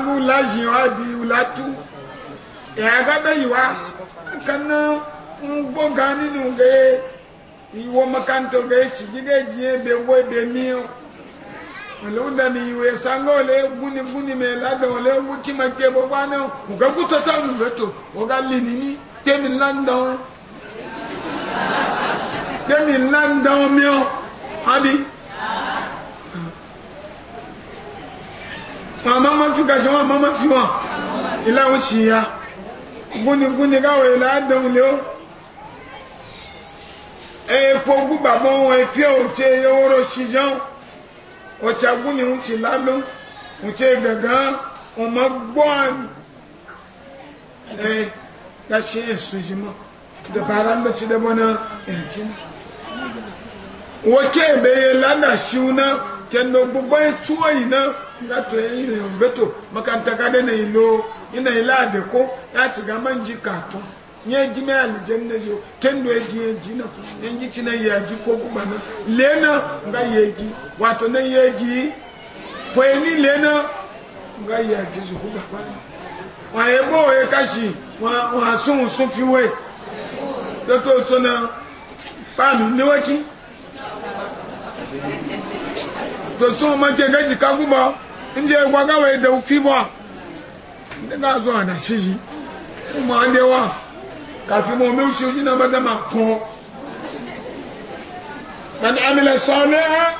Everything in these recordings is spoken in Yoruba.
agu la zi wa bi u la tu ɛyaga bɛ yi wa kana ŋgbɔ gani nu ge iwo makanto ge sigi ge diɛ be wo be mi o olu da mi iwe sango le guni guni me ladɔn le wuti ma ke bo ba ne o nga guto ta nu be to o ga li nini kemi landɔn kemi landɔn mi o abi. wọn máa máa fi kàṣẹ wọn máa máa fi wọn ìlàwọ̀ sì ya gúnigúni káwọ̀ ìlà àdéhùn lé o èèfo gbúgbàgbọ́ wọn èfi òtí ewúro ṣìyàn ọ̀tí agúnni ń ti lálọ́ òtí gàngán ọmọ gbọ́n ẹ̀ kàṣẹ èsùn yìí mọ́ dabara da ci da wani yanci wake bai lada shi na kendo gbogbo tuwo ina nga to yin yin makanta ka de na ilo ina ila de ko ya ti ga man ji ka to nye ji me kendo e ji e ji na nye ji ti na ya ji ko kuma na lena nga ye ji wato na ye ji fo ni lena nga ya ji su kuma kwa wa e bo e kashi wa wa sun sun fi we to to so na ni waki to so ma ke gaji ka guba in je gwa ga wai e da ufi ba da ga zo ana shiji sai mu ande wa kafin mu mu shi shi na bada ma ko man amila salihan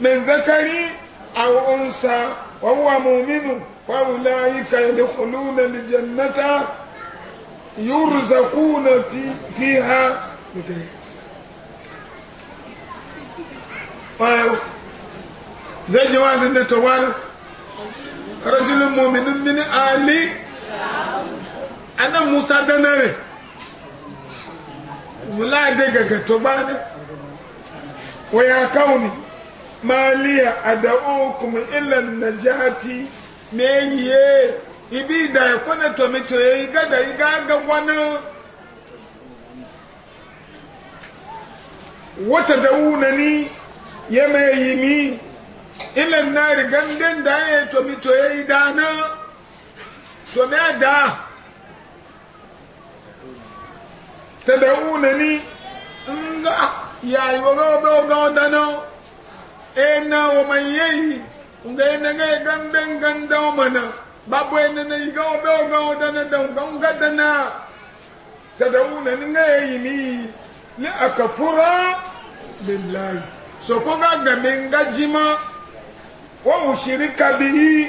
min dhakari aw unsa wa huwa mu'minu fa ulaika yadkhuluna aljannata yurzaquna fi fiha bighayri zai ji wasu da tawar rajulun mominin mini ali anan musa danare mula da gaga toba ne waya kauni maliya a da'ukum ilan najati me yiye ibi da ya kone tomito ya yi gada yi gaga wata da'una ni ya mai yi mi i náà rí gẹ́gẹ́ dá yẹn tòmí tó yẹ ìdáná tòmí ẹ̀dá tẹ̀lé wù nání nga yà ìwọ́gọ́ bẹ́ ọgá ọ̀dáná ẹ̀nà o yẹ yìí nga ẹ̀nà gẹ́gẹ́ gẹ́gẹ́ ọmọ náà babu ẹ̀nà náà yìí gẹ́gẹ́ bẹ́ ga ọ̀dáná da nga dáná tẹ̀lé wù nání nga ga nga wa ushirika bihi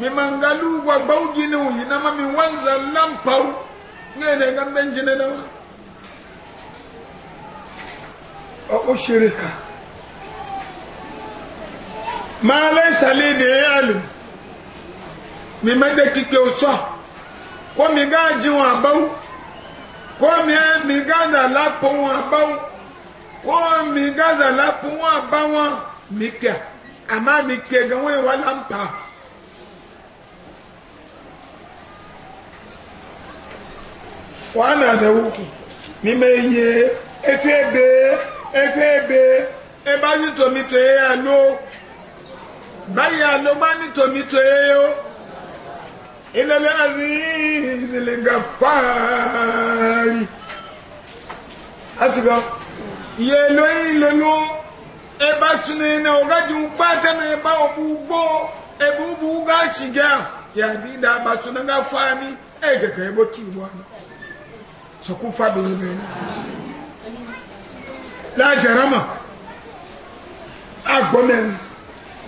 mimangalu wa baugini uyina ma mi wanza lampau ngene gambe njine na wa ushirika ma laysa li bi ilm mi mede kike uso ko mi gaji wa bau ko mi mi gaza lapo wa bau ko mi gaza lapo wa bawa mikia amma mi ke ga wani walampa wana da wuku mi me ye efe ebe efe ebe ebe to tomito ye ya lo bayi ya lo ba ni tomito ye yo ilele aziz le gafari ati ga ye lo yi lo lo eba tunene ogaji ukwata na eba obugo ebe ubu uga chiga ya dida batu na gafami ege ka ebo ki bwana so kufa bene la jarama agbomen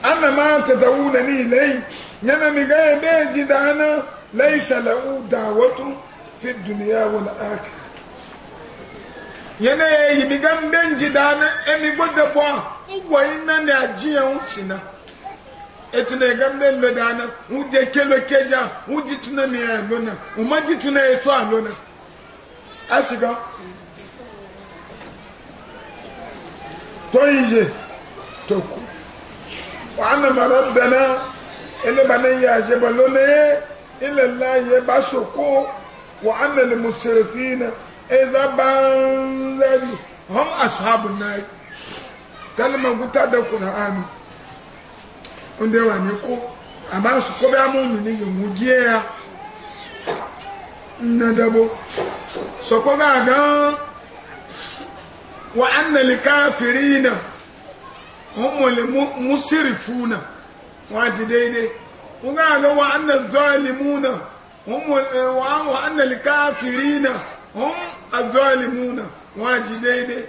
anna ma tadawuna na ilay yana mi ga ebe jidana laysa lahu dawatu fi dunya wal akhirah yana yi mi ga mbenji dana emi godda bwana ngwai na na ji ya wuce na etu na ga mbe lo da na wuje kelo keja wuji tuna na ya lo na uma ji tuna ya so alo na a shiga to yije to wa anna rabbana ele banan ya je balo ne ila la ye ba soko wa anna lil musrifina idha banzari hum ashabun nar lalima guta da qur'ani onde wa ni ko amma su ko ba mu ni ni mu giya na dabo so ko ga ga wa anna lil kafirina hum wal musrifuna wa ji daidai ko ga ga wa anna zalimuna hum eh, wa anna lil kafirina hum azzalimuna wa ji daidai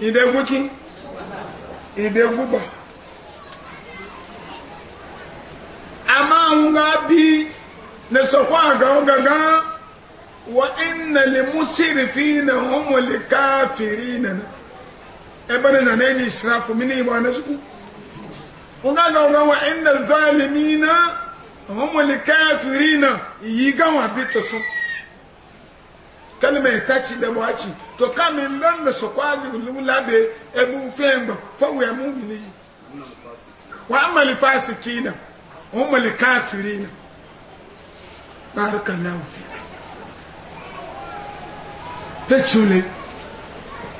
ìdẹ́gún kí ìdẹ́gún bọ̀. a máa ń ga bí ní sọ̀kọ́ àgàn gangan wọ́n ń nà lè mú sírìfì nà wọ́n mọ̀ lè káfìrí nànà. ẹgbẹ́ ní sàn ní ìsirà fún mi ní ìbọn ní sukù. wọ́n ká gbọ́ wọn ń nà zọ́ọ̀lì mí nà wọ́n mọ̀ lè káfìrí nà ìyí gáwọn àbí tó sùn kalima itachi da wachi to kamin lan da su kwaji lula da ebu fiyan ba fawo ya mumini yi wa amma li fasikina wa amma li kafirina barakallahu fi ta chule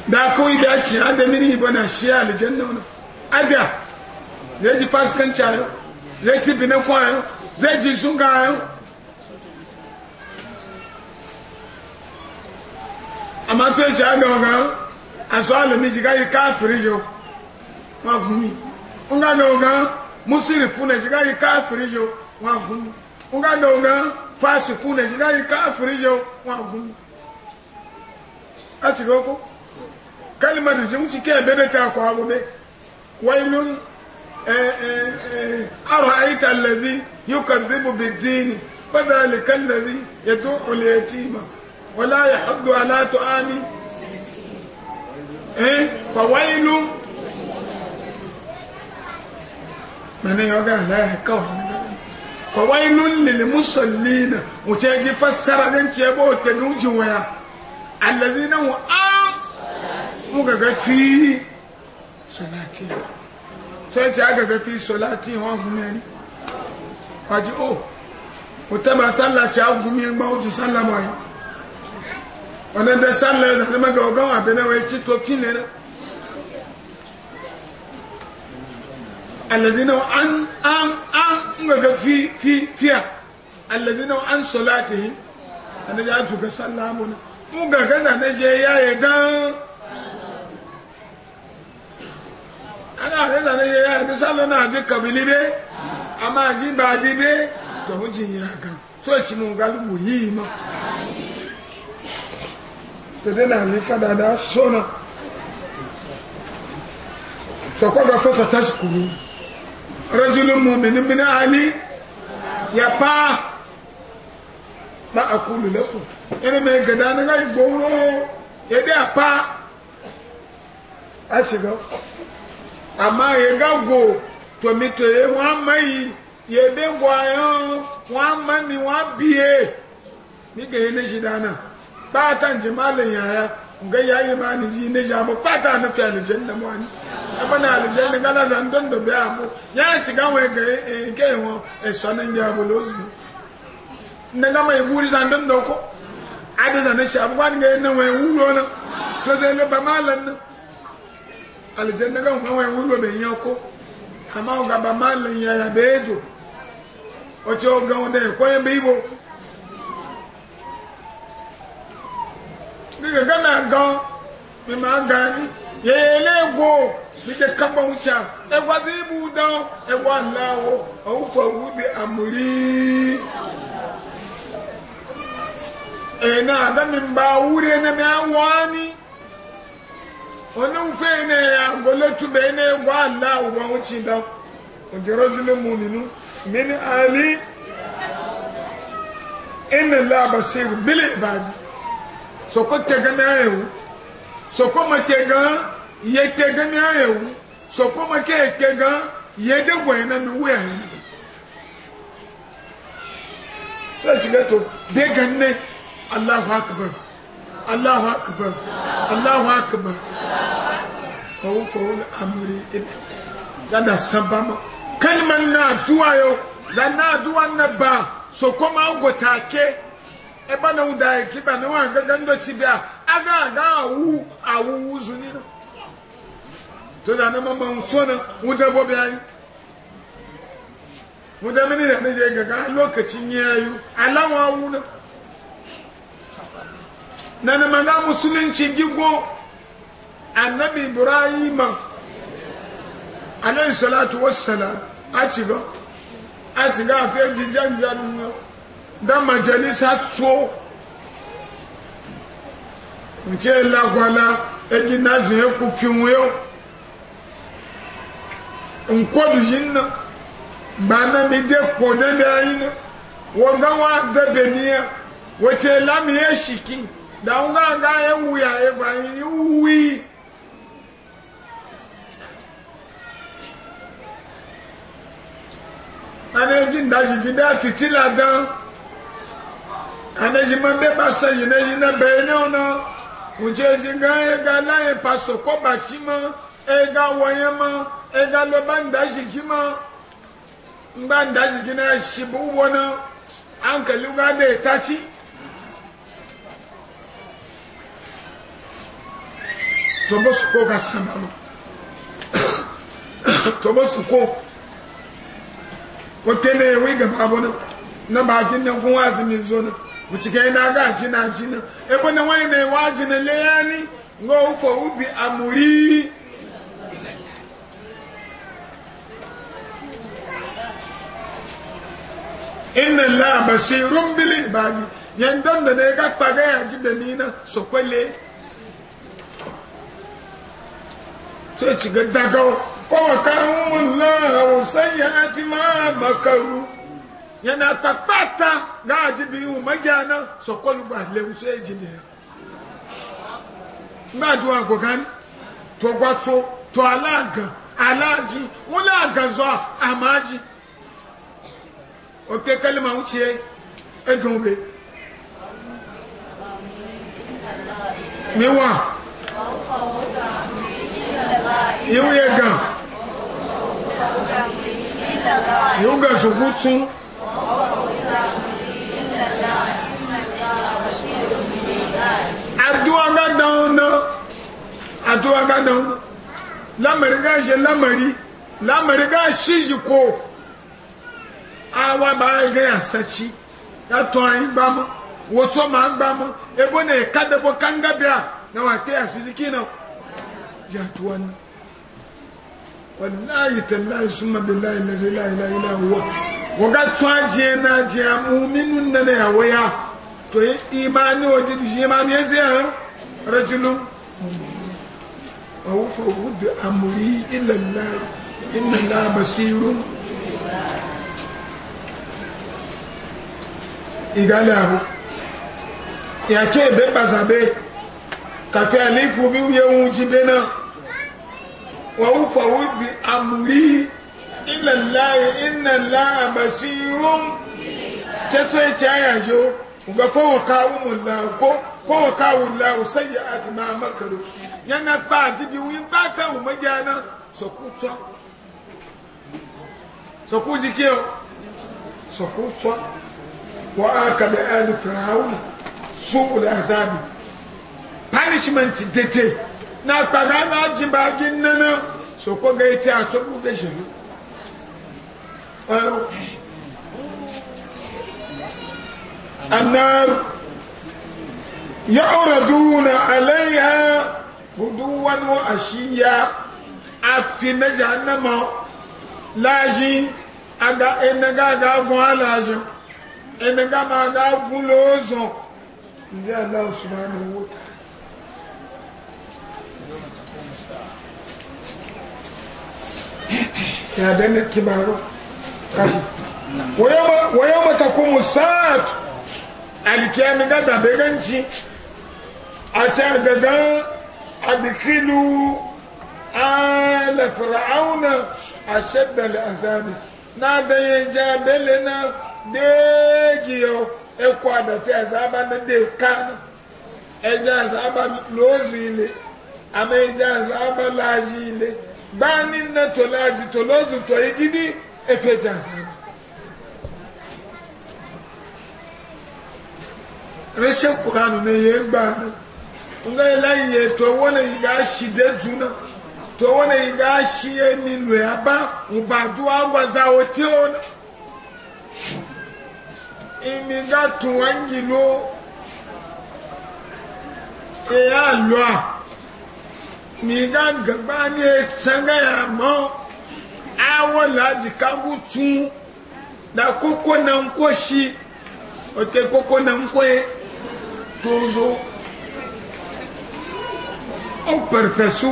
da kawai da ci an da mini bana shi aljanna wannan aja zai ji fasikanci ayo zai ci binan kwayo zai ji sunga ayo Amatu tó ṣe àgbọ̀ngàn àṣọ àlòmí ṣe káyé káàfìrí yọ wọn gùn mí ń gá dọ̀ngàn mùsùlùmí fún ẹ̀ ṣe káyé káàfìrí yọ wọn gùn mí ń gá dọ̀ngàn fásikù ẹ̀ ṣe káyé káàfìrí yọ wọn gùn mí. láti rí ọkọ kálímọ̀tì ṣe ń ti kí ẹ̀bẹ̀rẹ̀ tẹ ọkọ̀ agbóbe wáyé ló ń àrò ولا يحض على طعام إيه فويل من يوقع لا يحكوه فويل للمصلين وتجي فسر بنت يبو تدوج ويا الذين هو هم مغغ في صلاتي سيتي أغغ في صلاتي هم مني فاجئوا وتما صلى تشاو جميع ما وتسلم عليه wannan da sallah ya zama ga ogan abin da wai ci tofi ne na allazina an an an ga fi fi fiya allazina an salatihi annabi ya tuka sallah mu mu ga gana na je yaye dan ana re da ne yaye da sallah na ji kabili be amma ji ba ji be to mun ji ya ga so ci mun ga lugu yi ma dede na ni ka dada so na so ko ga fasa tashkuru rajulun mu'min min ali ya pa ma aqulu lakum ene me gada na ga gboro ye de apa asigo ama ye ga go to mi to ye wa mai ye de gwa yo wa mami wa biye mi jidana kpata njem alịnya ya nga ya ihe ma ni ji neji abụ kpata na fi alijanna ebe na alijanna gana za ndụ ndụ bịa abụ ya ci ga nwee ga nke enwe eso na ndị abụla ozu nne ga ma egwuri za ndụ ndụ ko adịza na shi abụkwa ga ene nwee wuro na toze lo ba mala na alijanna ga nwa nwee wuro be nye ọkụ ama ọ ga ba mala ya ya be ezo oche oge ụda na-ekwenye be igbo daga gana ga mi ma gani ya yi lego mi da wuce egwa zai bu don egwa lawo a wufa wudi amuri ena na ga min ba wuri na mi awani wani wufe ne ya gole tube ne egwa lawo ba wuce don ojero julin muninu mini ali inna la basir bil ibadi soko tegana ewu soko ma tega ye tegana ewu soko ma ke tega ye de wena mi we Let's get to big and neck. Allahu Akbar. Allahu Akbar. Allahu Akbar. Fọwọ́ fọwọ́ ní amúrí ilẹ̀. Yàda sábàmọ́. Kálímà náà dúwà yóò. Lànà àdúwà náà bá. Sọ̀kọ́ máa ń gòtà ké eba na wuda ya kiba na wani gaga ndo ci biya aga aga awu awu wuzu ni na to da na mama wuto na wuda bo biya yi wuda mini da nije gaga lokacin ya yi alawa wuna na na maga musulunci gigo annabi ibrahim alayhi salatu wassalam a ci ga a ci ga a fiye jijan janin yau da majalisa tso nke lagwala egi na zuye kufin wuyo nkodu yin na ba na mi de ko de bi ayin na wo ga wa de be ni ya wo che la mi e shiki e wu ya e ba yin wi ana egi ndaji gida fitila dan anaji ma bɛ ba sɛ yina yina bɛɛ ne wo na ŋutsuɛji gã ega la yɛ pa sokɔ batsi ma ega wɔnyɛ ma ega lɔ ba ŋdazigi ma ŋgba ŋdazigi na si bu wɔ na ankeli gã de tatsi. tobo suko ka sama no tobo suko wɔtɛnɛ wi gaba bɔ na na baagi ne ko wa zimi zo na. wuciga ina na jina jina ebe na wani na na-ele ya anyị nga ufo ubi amuri inna la basirun bil ibadi yan dan da ne ga kpaga ya ji da mina sokwele kwale to ci ga daga ko kan mun la ma makaru yana kpakpata gaaji bi ihu magyana sokolu gba lewu so eji ne mmadụ agwagani tọgwatọ tọ alaga alaji wụlọ agazọ amaji oke kalima wuchie ego ube miwa ihu ya ga ihu ga zugwu gadan na atuwa gadan lamari ga shi lamari lamari ga shi ji ko awa ba ga ya sachi ya to an gba mo wo to ma gba mo ebo na e kada bo kanga bia na wa ke asiji kina ya tuwan wallahi tallahi summa billahi allazi la ilaha illa huwa woga tun ajiye na ajiye mu minun na na yawo ya to imani ojidu shi imani رجل وهو فوض أمري إلى الله إن الله بصير igale abu yake ebe bazabe kafe alifu bi uye wuji bena wa ufa wudi amuri ila lahi inna laha basirun teto eche ayajo uga fowo ka umulla ko ko kawo lahu sayyi'ati ma makaru yana ba jidi win ba ta umajana so ku so so ku jike so ku so wa aka bi ali fir'aun su'ul azabi punishment dete na paga na jiba ginnana so ko ga ite aso ku be shefu يعرضون عليها غدوا وعشيا àti mẹ́jà nẹ́mọ̀ láàájí ẹnẹ́gá àgágún aláàjọ ẹnẹ́gá máa gágún lóòzàn ìjẹ́ aláòsùnmá ní owó tàà yàdẹ́ ní kíbarọ́ káṣí wọ́yọ́ mọ́takó musáàtù àlìkí ẹnẹ́gá dàbẹ̀rẹ̀ ń jí àti àgàgán àdìkílù ààlẹ̀ fìràáhùnà àṣẹ́dàlẹ̀ àzáàbì náà dẹ̀yẹ jẹ́ abẹ́lẹ̀ náà déègì ọ ẹkọ àdàtẹ̀ àzáàbà náà dé ká ẹjẹ́ àzáàbà lóòzù ilé àmọ́ ẹjẹ́ àzáàbà láàyè ilé báyìí nínú tòláàjì tòlóòzù tó igi ní ẹfẹ̀jẹ̀ àzáàbà. rẹ́ṣẹ̀ kùránù ni yẹn gbà náà nga laye to wona yiga shi de juna to wona yiga shi ye ni lwe aba ubadu agwa za otiona imi ga tuwangi lo e ya lwa mi ga gba ni e tsanga ya mo awo laji kagu tun da koko na nko shi ote koko na nko e tozo o pɛripɛsu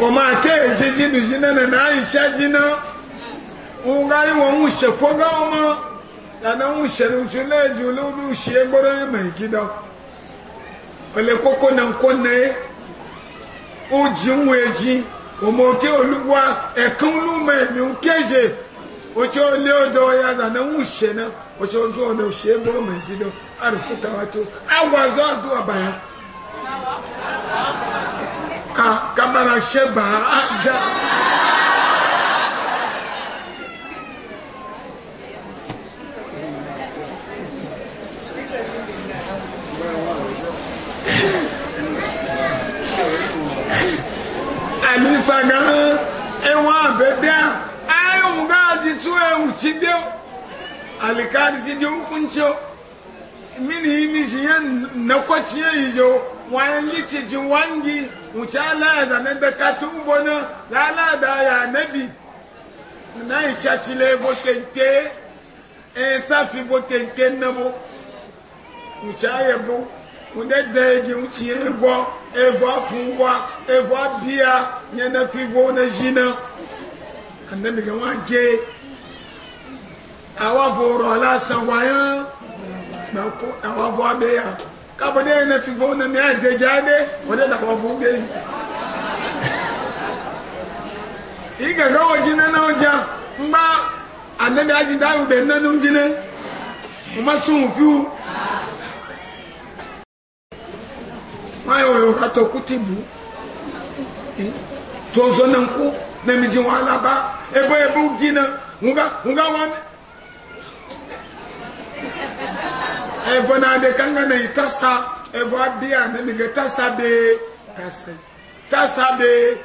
o ma kɛ ye jiji bi jinɛ nɛ mɛ a yi sɛ jinɛ o ka yi wɔ ŋun sɛ fo ka o ma yana ŋun sɛri su lɛ juli o du sie gbɔdɔ ye mɛ iki dɔ o le koko na ko na ye o ji o ma o kɛ olu wa ɛkan olu mɛ mi oce ole odo ya zana wushe na oce ozo odo she gboro mai gido a rufuta wato awa zo abaya, baya a kamara she ba a ja alifa gan ewa abẹ bia hukunci biyu alikari shi ji hukunci mini yi mishi yan na kwaci ya yi jo wayan wangi wuce ala ya zane da katu bonan lala da ya nabi na yi shashile bo kenke e safi bo kenke na bo wuce ya bo wunde deji wuce ya bo evo afunwa evo abiya yana fivo na jina annabi ga wa ke àwọn afọrọ aláṣà wáyán àwọn afọ abẹ yà kábọdé yẹn na fífọ na mi àjẹjá dé wọn dé làwọn afọ gbé yìí. ìgàgà wọ jiná náà jà mbà ànábi àjìdá àwùbẹ nánú jiná wọn bá sún òfin wù. wọn yà wọ̀nyọ̀ kàtó kùtì bù tó zọ nankó nàmìjì wọn alábá ẹbọ ẹbọ jiná nga nga wọn. evo na de kanga na itasa evo abia na nige tasa be kase tasa be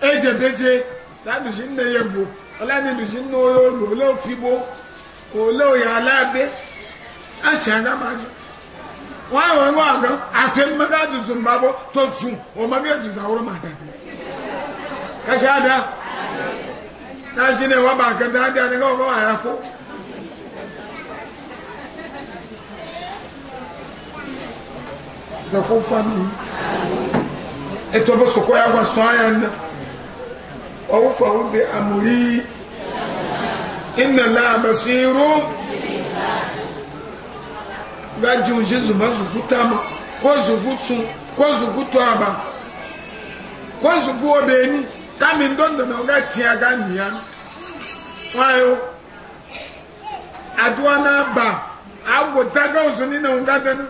eje beje na nuji nne ye gbo ola ni nuji nne oyo olu ole ofigbo ole oya alabe achi aga ma ajụ nwa nwe nwa aga afe mmaga ajụzụ mbabụ totu omaga ejụzụ ahụrụ ma dabi kacha ada na shi ne wa ba ka da da ne ga ga ya fo zakon fami eto bo soko ya wa so na o fa o amuri inna la basiru ga ju jesu ma su kutama ko su gutsu ko su gutaba ko su gode ni kami ndondo na ga ti aga niya wayo aduwa ba agwo daga ozu ni na ngada na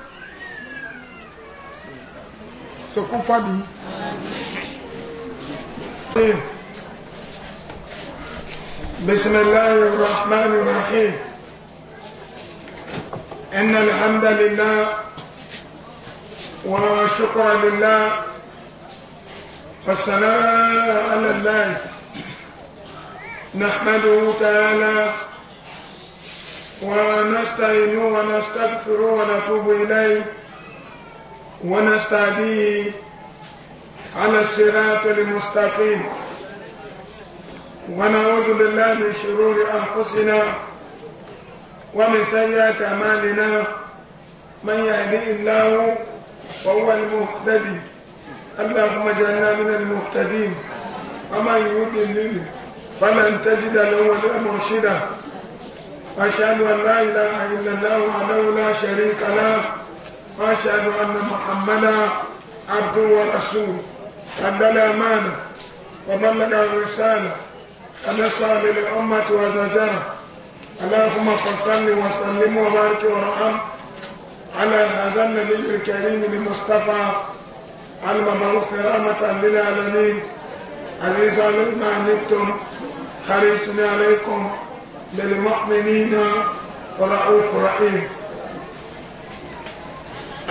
so kó بسم الله الرحمن الرحيم إن الحمد لله وشكر لله والثناء على الله نحمده تعالى ونستعين ونستغفر ونتوب إليه ونستهديه على الصراط المستقيم ونعوذ بالله من شرور أنفسنا ومن سيئات أعمالنا من يهدي الله فهو المهتدي اللهم اجعلنا من المهتدين ومن يضلل فلن تجد له ولا مرشدا أشهد أن لا إله إلا الله وحده لا شريك له وأشهد أن محمدا عبده ورسوله أدى الأمانة وبلغ الرسالة ونصح للأمة وزجرة اللهم فصل وسلم وبارك ورحم على هذا النبي الكريم المصطفى المبعوث رحمة للعالمين عزيز عليكم عنتم حريص عليكم للمؤمنين ورؤوف رحيم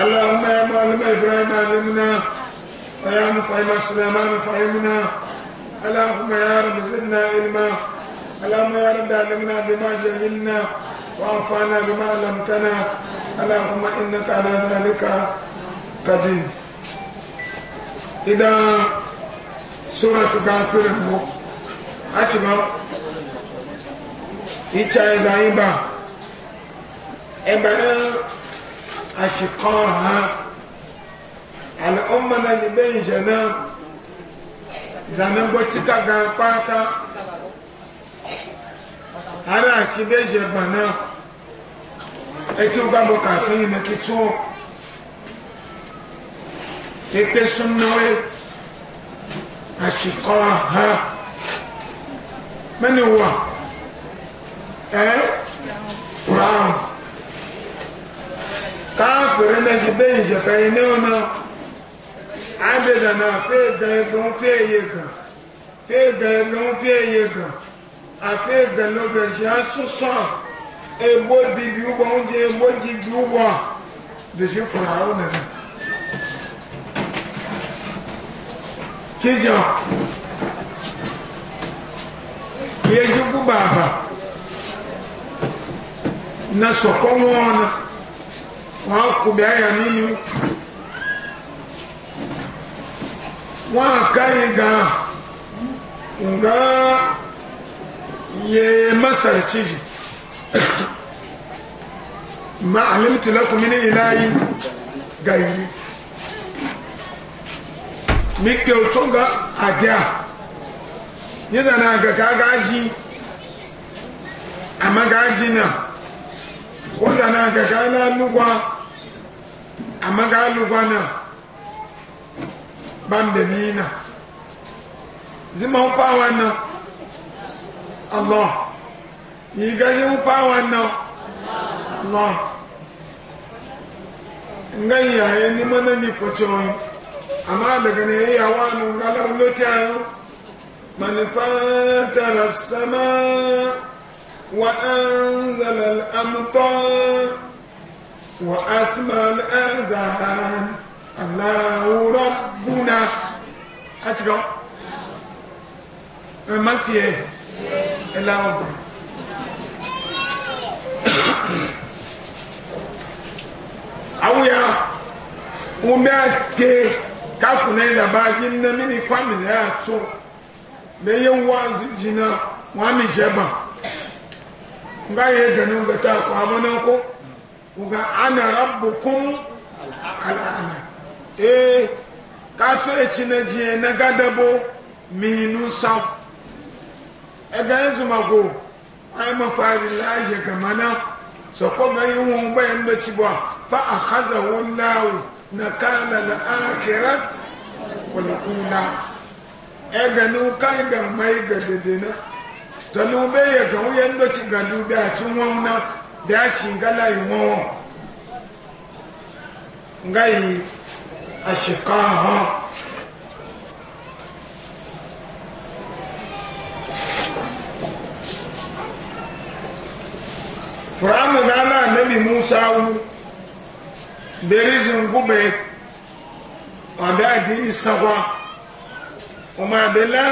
اللهم يا معلم إبراهيم علمنا ويا مفهم سليمان فهمنا اللهم يا رب زدنا علما اللهم يا رب علمنا بما جهلنا وانفعنا بما علمتنا اللهم إنك على ذلك قدير اذا سوره كافر أتبع إيشا إذا إبا إبا أشقاها الأمة اللي بين جناب زمان بوتيكا غاباتا أنا أتبع جبانا أتبع مكافين مكتو إتبع سنوي أشقاها من هو؟ أه؟ فرعون káàfìrí náà ṣe bẹ́yìn ṣẹ̀fẹ́ iná ọ̀nà àdèdànà fẹ́ẹ̀dẹ̀ẹ́gbọ́n fẹ́ẹ̀yẹ gàn fẹ́ẹ̀dẹ̀ẹ́gbọ́n fẹ́ẹ̀yẹ gàn àfẹ́ẹ̀dẹ̀lọ́gbẹ̀ṣẹ́ asúsàn egbó bíbí ugbọ oúnjẹ egbó jíjí ugbọ dèṣe fọ̀rọ̀ àwọn nàdà kíjọ yẹjú gbú bàbà na sọ̀kọ́ wọn náà wọ́n á kú bí àyà nínú wọ́n á káyìn gan nga yẹ masarci ji ma alimtu lakum min ilahi gairi mi ke otu ga aja ni zana ga ka gaji amma gaji na ko zana ga ka amma ga lugwana ban da mina ziman fawa nan allah yi gajin fawa nan allah ngan yaye ni mana ni fociyoyi amma daga ne ya yawa nun galar lotiyayen manufanta da sama wa an zalal amtan وأسمى الأذان الله ربنا أتقو ما فيه إلا ربنا awuya wumbe ake kakuna ina baagi nna mini famili ato na ye nwanzi gyina mwami jeba nga ye gani nveta akɔ abɔnanko nga ana rabbukum al'a'la eh ka to e chinaje na gadabo minu sa e ega yanzu mago ai mafari laje gamana so ko ga yun bayan da ci ba fa akhazahu allah nakala al-akhirat wal ula ega nu kai ga mai gadedena tanu be ya ga wuyan da ci ga dubi da ci gala iwo ngai ashikaha Furamu gana nabi Musa wu, berizin gube, ọ̀bẹ́ àdínì sọ́wọ́, ọmọ àbẹ̀lá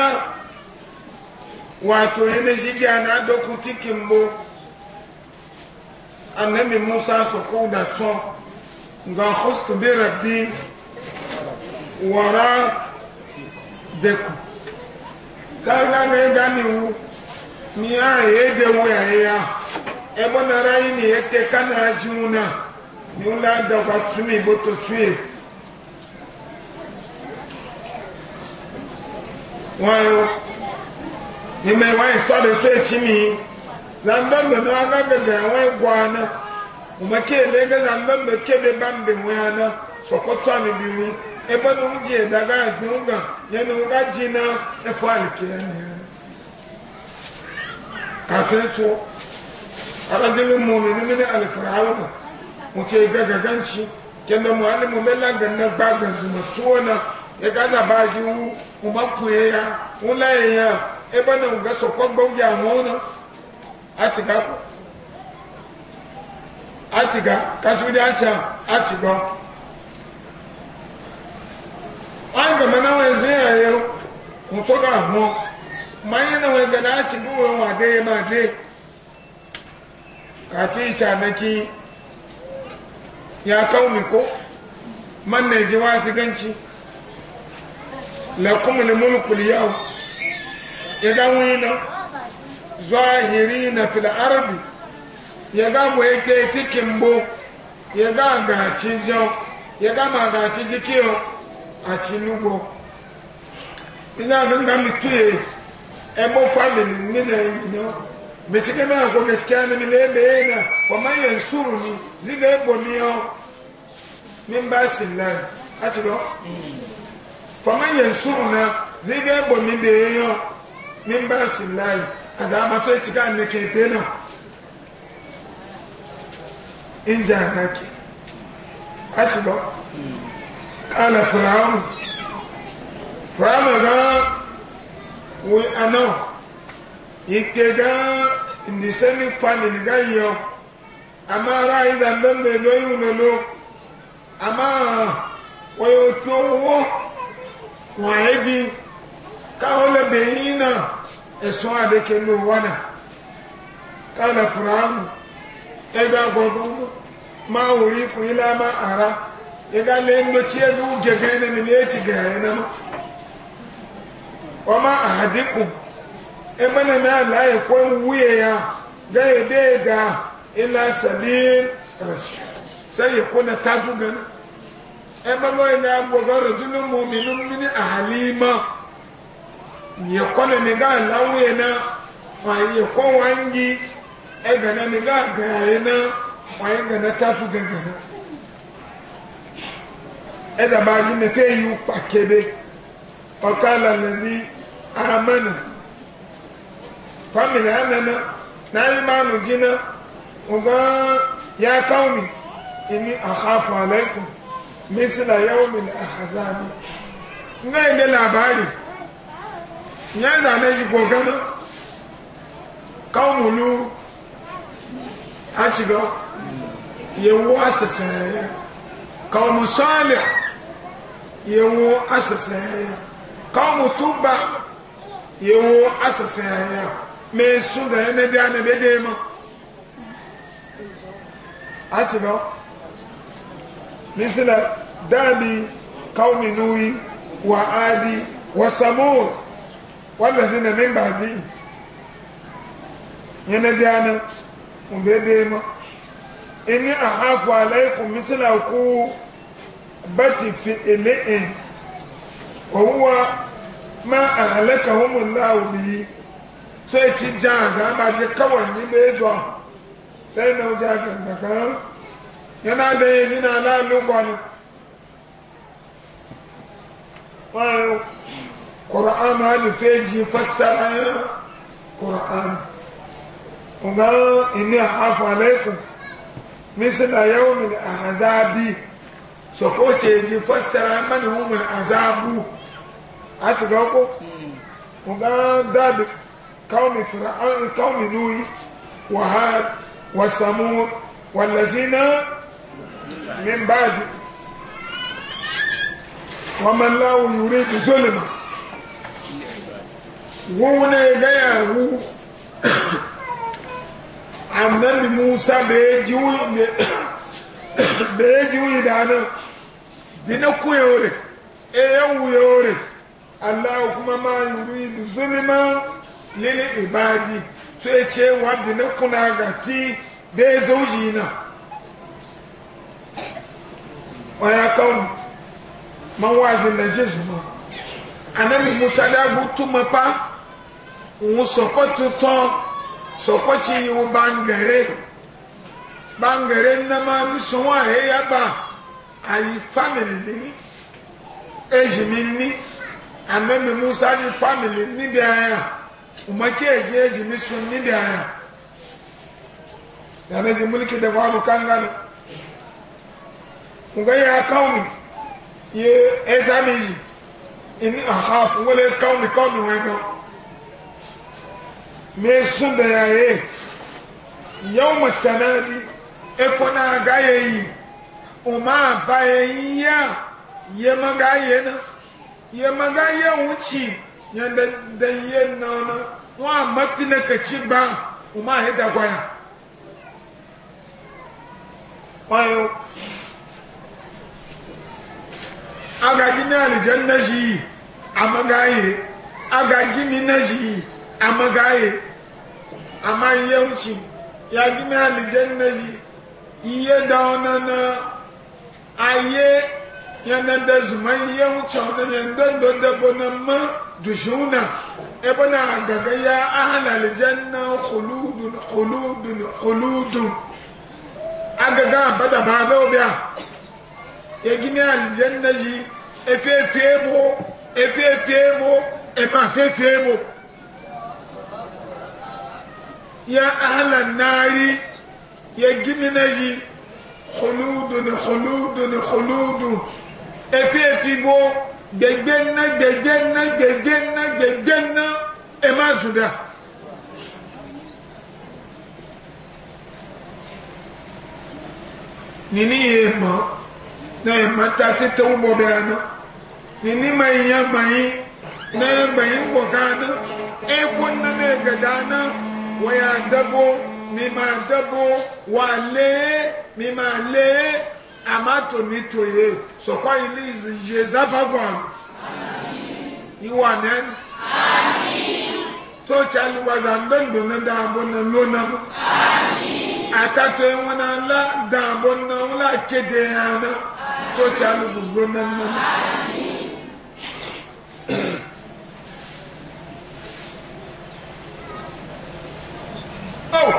wàtò ẹni jíjẹ́ na tí kì ń mbụ. annabi musa su kuda tun ga hustu bi rabbi wara dịkụ kaga ga ga ni ni a ye de wo ya ya e bo na ra ni kana juna ni ula da zandan da na ga ga ga gwana kuma ke ga zandan da ke be ban be wana so ko tsa ni biwi e ba no je na ga ya e fali ke ne ka ta so arajul mu'minu min al fir'auna mu ce ga ga ganci na ba ga zuma za ba gi u ya ulaye ya e ba so ko na. atiga kɔ atiga kasudi atsa atigɔ wọn gama na wọn ezi ayɛ nso ka ho mmanya na wọn gana atiga wọn wọn ade yɛ ma ade kati isa mɛki yakaw mi ko man na eji wa asiganci lakum ni mulku liyaw yɛ ga wunyi na. zahiri na fil'arbi ya ga mu eke cikin bo ya ga gaci jau ya ga ma gaci jikiyo a cinugo ina ga ga mitu ye ebo family ni na ino mesike na ko gaskiya na le be na ko man yansuru ni ziga ebo mi o min ba sillan ati do ko man na ziga ebo mi be yo min ba za ba so ya cika ne ke benin in ji hana ke a shi ba kala firawun firawun ga wui anọ ike ga ndi semi family ga yọ ama ara yi da ndo ndo ndo lo lolo ama wọ́n yóò tó owó wọ́n àyẹ́jì káwọn lè bẹ̀yìn náà ẹ̀sùn àdékè ló wánà kálà kùránù ẹgbẹ́ agbọ̀gbọ̀gbọ̀ máa wù ara kùn ilá máa àrá ẹgbẹ́ alẹ́ ń lọ tí ẹgbẹ́ oúnjẹ na ní ẹ̀ẹ́tì gẹ̀ẹ́ náà ọmọ àdínkù ẹgbẹ́ ya ede ede ẹ̀dá ilá sàbí rẹ̀ṣẹ̀ sẹ́yìn na tájú gan ẹgbẹ́ náà náà ye kɔnɛ mi ga lawu ye na wa ye kɔ wa nyi e na wa ye gana tatu gana e da ba yi ne ke yi kpa amana famili anana n'ayi ma nu dzi na o ga ya kaw mi ini akhafu alaikum misila yawmin ahzani ngai ne nyɛ na ne gana kawumulu atsigɔ yewo asɛsɛɛ ya kawumu sɔɔlɛ yewo asɛsɛɛ ya kawumu tuba yewo ya mɛ na gɛɛ ne de ane be misila daabi kawumi wa adi samuu. wallazi na min di yana jana mun be be ma inni ahafu alaikum misla ku bati fi ilain e. wa huwa ma ahlakahum Allah bi so e ci jan ma je na yana da ƙura'an alifeji fassara ƙura'an ga ini hafa laifin misila yau min azabi so ko ce ji fassara mani humin azabu a ci ga ko ga dabi kawmi fir'aun kawmi nuyi wa had wa samud wallazina min ba'di wa man la yuridu zulma wune gaya wu annabi musa bee jiwu bee jiwu idanan bina kuyore eyan wuyore allah kuma ma yuridu zulma lil ibadi so e ce wa bina kuna gati bee zaujina waya kawun man wazin da jesu ma annabi musa da gutu mafa ŋun sɔkɔ tutɔn sɔkɔ tsi yi wo bangere bangere nama mi sɔn ya ba ayi famili ni ezi mi ni ame mi musa ni famili ni bi aya umake eji ezi mi sun ni bi aya yàrá ezi muliki dɛ wàllu kangani nga yà kawmi ye ɛzami yi ini aha wọlé kawmi kawmi wẹ̀ngàn. me sun da yaye yau mutanari ekona gaye yi umma bayan ya ya magaye na ya magaye wuce ya danyen na wani wa mafi na kaci ba uma ya dagwaya kwayo agagi na alijan na shi a magaye agagi na shi amagaye amma yauci ya gina alijanna yi iye da onana aye yana da zuman yauci wani yandon don dabo na ma dushuna ebe na gaga ya ahala alijanna khuludun khuludun khuludun agaga abada ba ga obiya ya gina alijanna yi efe efe ebo efe efe ebo ema efe efe ebo ya ahlan nari ya gimi na yi khuludun khuludun khuludun efi efi bo gbegbe na gbegbe na gbegbe na gbegbe na e ma zuda nini ye ma na ye ma ta ti tewu bɔ bɛ yan nini ma ye ya gbanyin na ye gbanyin bɔ kan na e fo na ne gada na wọ́n yà dẹ́gbó mi máa dẹ́gbó wà lé mi máa lé àmàtò mi tòye sọ̀kọ́ ilé ìyè záfàgọ́n ìwà nẹ́nu. tó tsali wàzà ndóńdó ní dàbò ní lónà mu. àtàtò ìwọ̀n náà la dàbò náà wọ́n la kéde yàrá tó tsali gbogbo náà mu. oh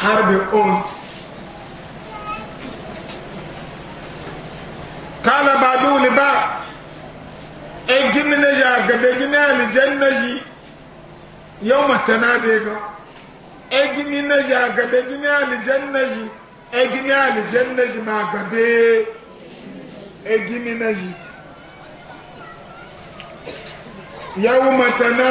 harbi on um. kala badu li ba e gimi na ja gabe gimi alijanna ji yau matana da ya ga e gimi na ja gabe gimi alijanna ji e gimi alijanna ji ma gabe e gimi na ji yau matana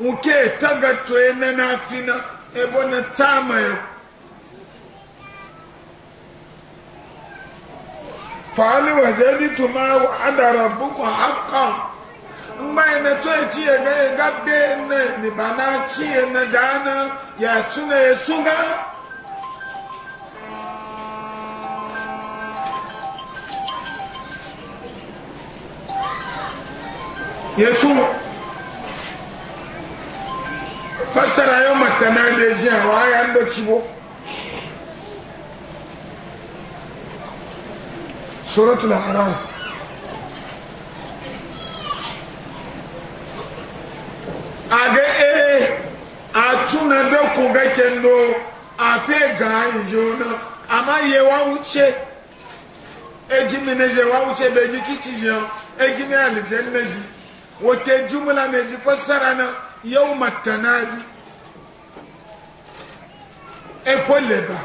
nke taga ya na nafina ebo na tsama faali fali wajeni tuma wa ada rabbuku haqqan mgbe na to echi ya ga ga be na ni bana chi na dana ya suna ya suga yesu fasara yau matana da ji hawa ya da cibo suratul haram a ga ee a tuna da ku ga kendo a fe ga hanyi jona amma yewa wuce egi mine yewa wuce da egi kici jiyan egi ne alijan na ji wata jumla mai ji fassara na yau matanadi efo leba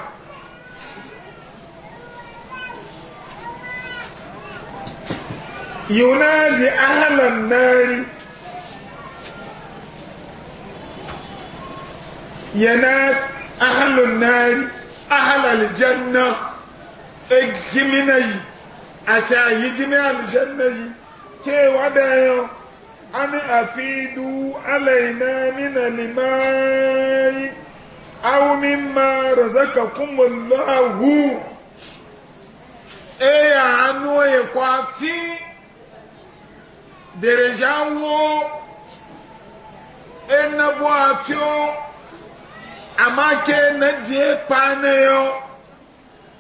yunadi ahalan nari yanat ahalun nari ahalal janna egimina yi a ca yi gimi aljanna yi kewa da yau أن أفيدوا علينا من الماء أو مما رزقكم الله إيه عنو يقافي درجاو enabo atio amake na die paneyo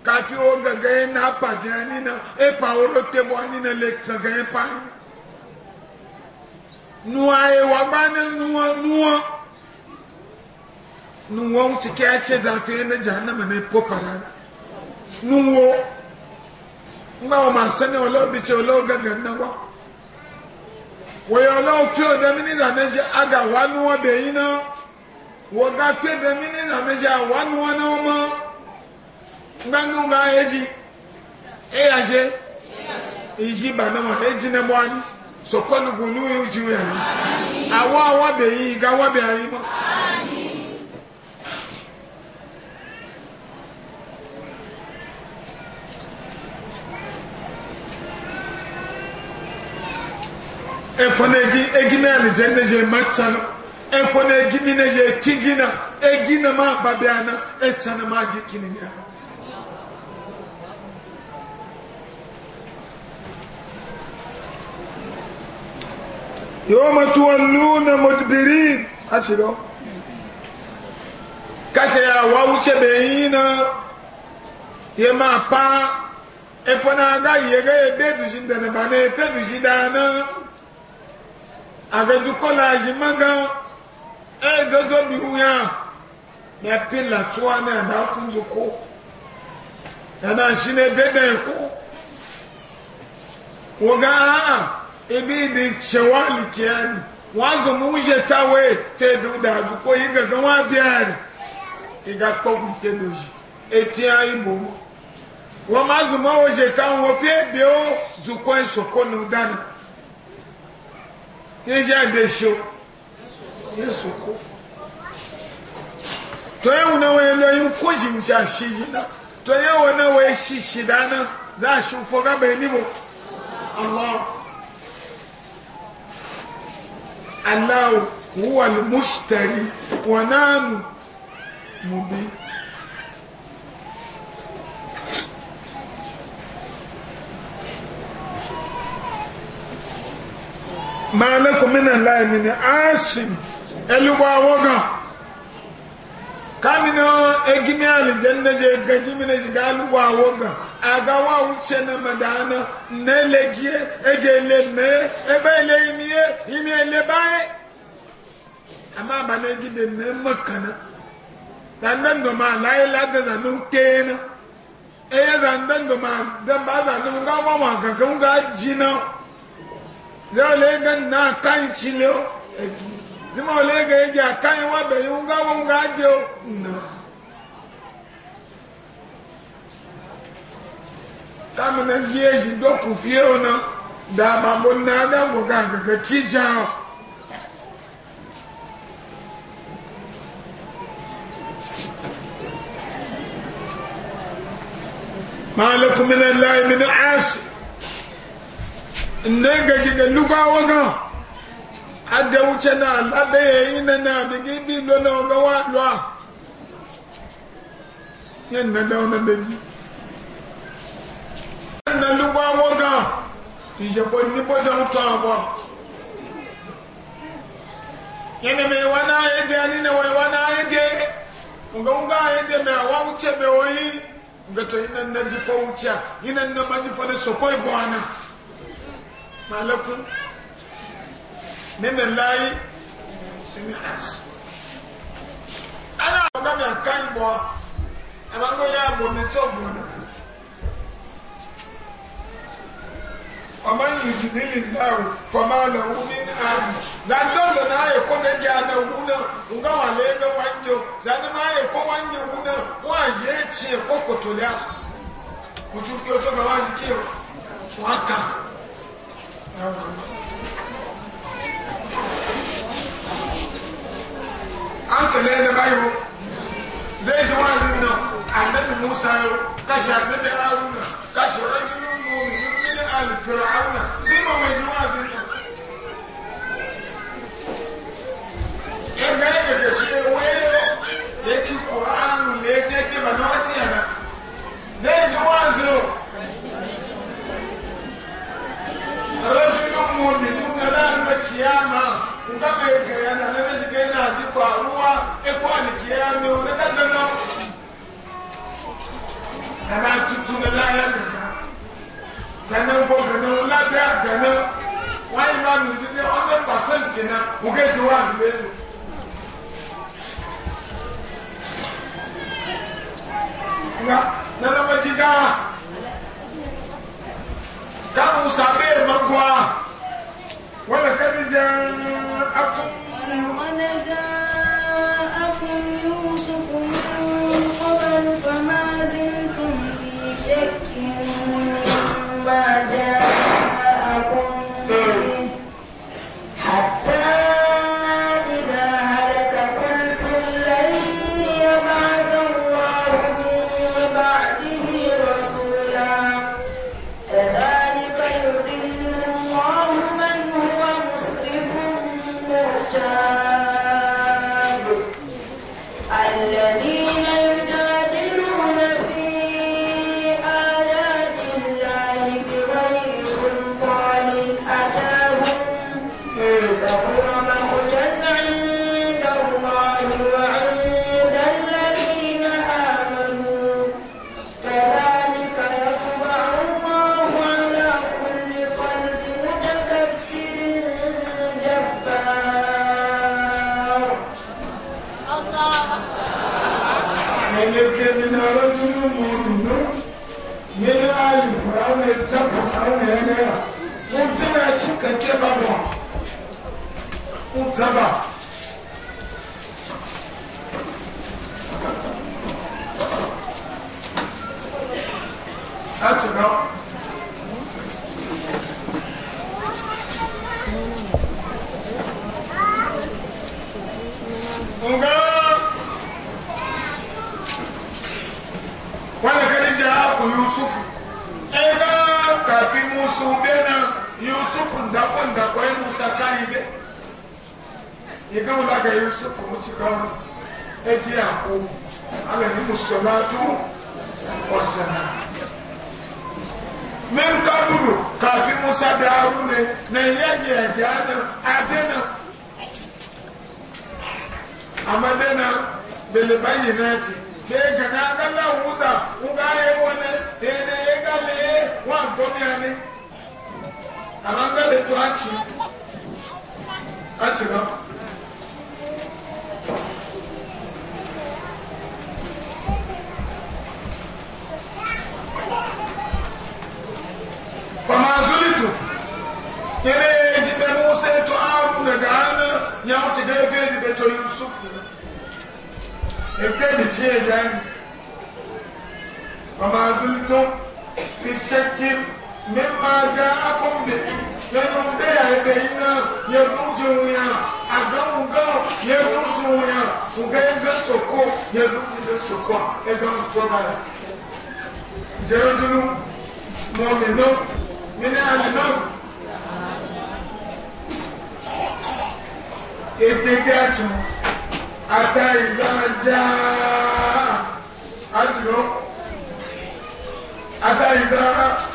kafi o gagaye na apajani na epa oro tebo ani na le gagaye paneyo nuwa ye wa gbana ce zafi na jahannama ne nuwo ngba wò ma sani olobi ce ologa ganna gwa wòye ọlọ́wọ́ fi ọ̀dẹ́ mínísà méjì aga wà nù wọn bẹ̀yìn náà wọ́n ga fi ọ̀dẹ́ mínísà méjì wà nù wọn náà mọ́ gbẹ́ngàn ga ẹ̀jì ẹ̀yà ṣe ba e bàdàn sokɔlu bunu yi ju yɛ awɔ awɔ bɛ yi ga awɔ bɛ ayi efo na egi egi na alize na je matsa no efo na egi mi na je tigi egi na ma ba bia na esa na ma agi kini na. yawma tuwalluna mudbirin asiro kashe ya wa wuce bayi na ya ma pa efo na aga yi ga ebe dushi da na ba na ete dushi na agaju kola ji maga e dozo bi uya na pila tuwa na da kunzu ko yana shi ne bebe ko woga a'a ibi da cewa likiyani wazo muje tawe te duda ko yi gaga wa biyani iga kpogun ke doji eti ayi mo wọn ma zùmọ oje táwọn wọn fi ebi o zùkọ ìsòkónú dání ní ìjà ìdè ṣe o ní ìsòkó tó yẹwò náà wọn lọ yín kó jìnnì ṣe àṣeyí náà tó yẹwò náà wọn ṣì ṣì dáná záà ṣùfọ gábẹ níbo àwọn. aláwò wúwà lè mùsítẹ̀rì wọn náà nù mú bí. màálẹ́kùn mí nà láì ni àásìm ẹlẹ́wọ̀ àwọn gan kamina egini alijanna je gaji mina ji galu wa woga aga wa uche na madana na legie ege ele me ebe ele imie imi ele bae amma ba na gide me makana zandan ma lai la da zanu kena e zandan ma dan ba zanu ga wa ma ga ga jina zai le na kan chilo egini dima ole ga eji aka ya nwa abanye nga bụ nga ajọ na ndị eji doku fie ona da agbagbo nna aga gboga agaga kija ahụ maalek mine laimine as nne gagiga lukwa awoga adéwútsẹ náà lábẹ́ yẹn nana àbíkí bí lọ́nà ọ̀gá wa lọ́ à yẹn nana dáwọn náà bẹ́ẹ̀ bí. nana lukọ awọ gan ìṣẹ̀pọ̀ níbọ̀jà ń tọ́ àbọ̀ yẹn mi wá náà yẹ jẹ ẹni náà wá náà yẹ jẹ nga nga yẹ jẹ mẹ àwọn awútsẹ bẹ wọ̀nyí nga tó yìí nana jifọ̀ wútsẹ yìí nana ma jifọ̀ ní من الله من عاصم أنا أقول لك كان بوا أما أقول يا أبو نتوبون ومن يجدل الله فما له من عاد زادو لنا يكون جانا هنا ungama lebe wanjo zani ma ye ko wanjo huna wa ye chi ko kotolia kutukio to ba wanjo kio wata lẹ́yìn lẹ́ba yìí o zai ji wazin nan annabi musa yau kashi annabi haruna kashi rajulun mu'minin min al-fir'auna sai ma mai ji wazin nan in ga yake da ce wayo ya ci qur'an ne ya ce ke ba na wace yana zai ji wazin rajulun mu'minin na ranar kiyama nga mai gaya na ne shi gaya na ji faruwa e kwani ki ya mi o na ka dana kana tutu ne la ya ni ka dana ko gana la da dana wai ma mi ji ne 100% na ku ga ji wa su ne nga na na ma ji ga ka mu sabe magwa wala kadija ولقد جاءكم يوسف من قبل فما زلتم في شك مما جاءكم ne ne na mun tana shi ka ke ba zaba a ci ga Ungar ولقد musu bena yusufu ndako ndako ye musa kan be yigawo yusufu mutikawo edi ako ala ni musolatu wasana min kabulu kafi musa daaru ne na yagi adana adana amadena belebayinati bayi gana gala wuza uga ye wone tene ye gale wa gomiani amma ga da to aci aci ba kuma zulitu ebe ji da musa to aru daga hannu ya wuce gaife da beto yusufu ebe da ce ya gani kuma zulitu fi shakkin mímá já akóńdè yẹnu ndé yà ẹbẹ yìí náà yẹnu ju wìyà àgbẹwùgọ yẹnu ju wìyà wùgẹ ẹgbẹ sọkọ yẹnu ẹgbẹ sọkọ ẹgbẹ ntọ báyà. jẹrọdúnú mọmì náà mímí àlè náà. egbedatu ata ìzájà àtìlọ ata ìzájà.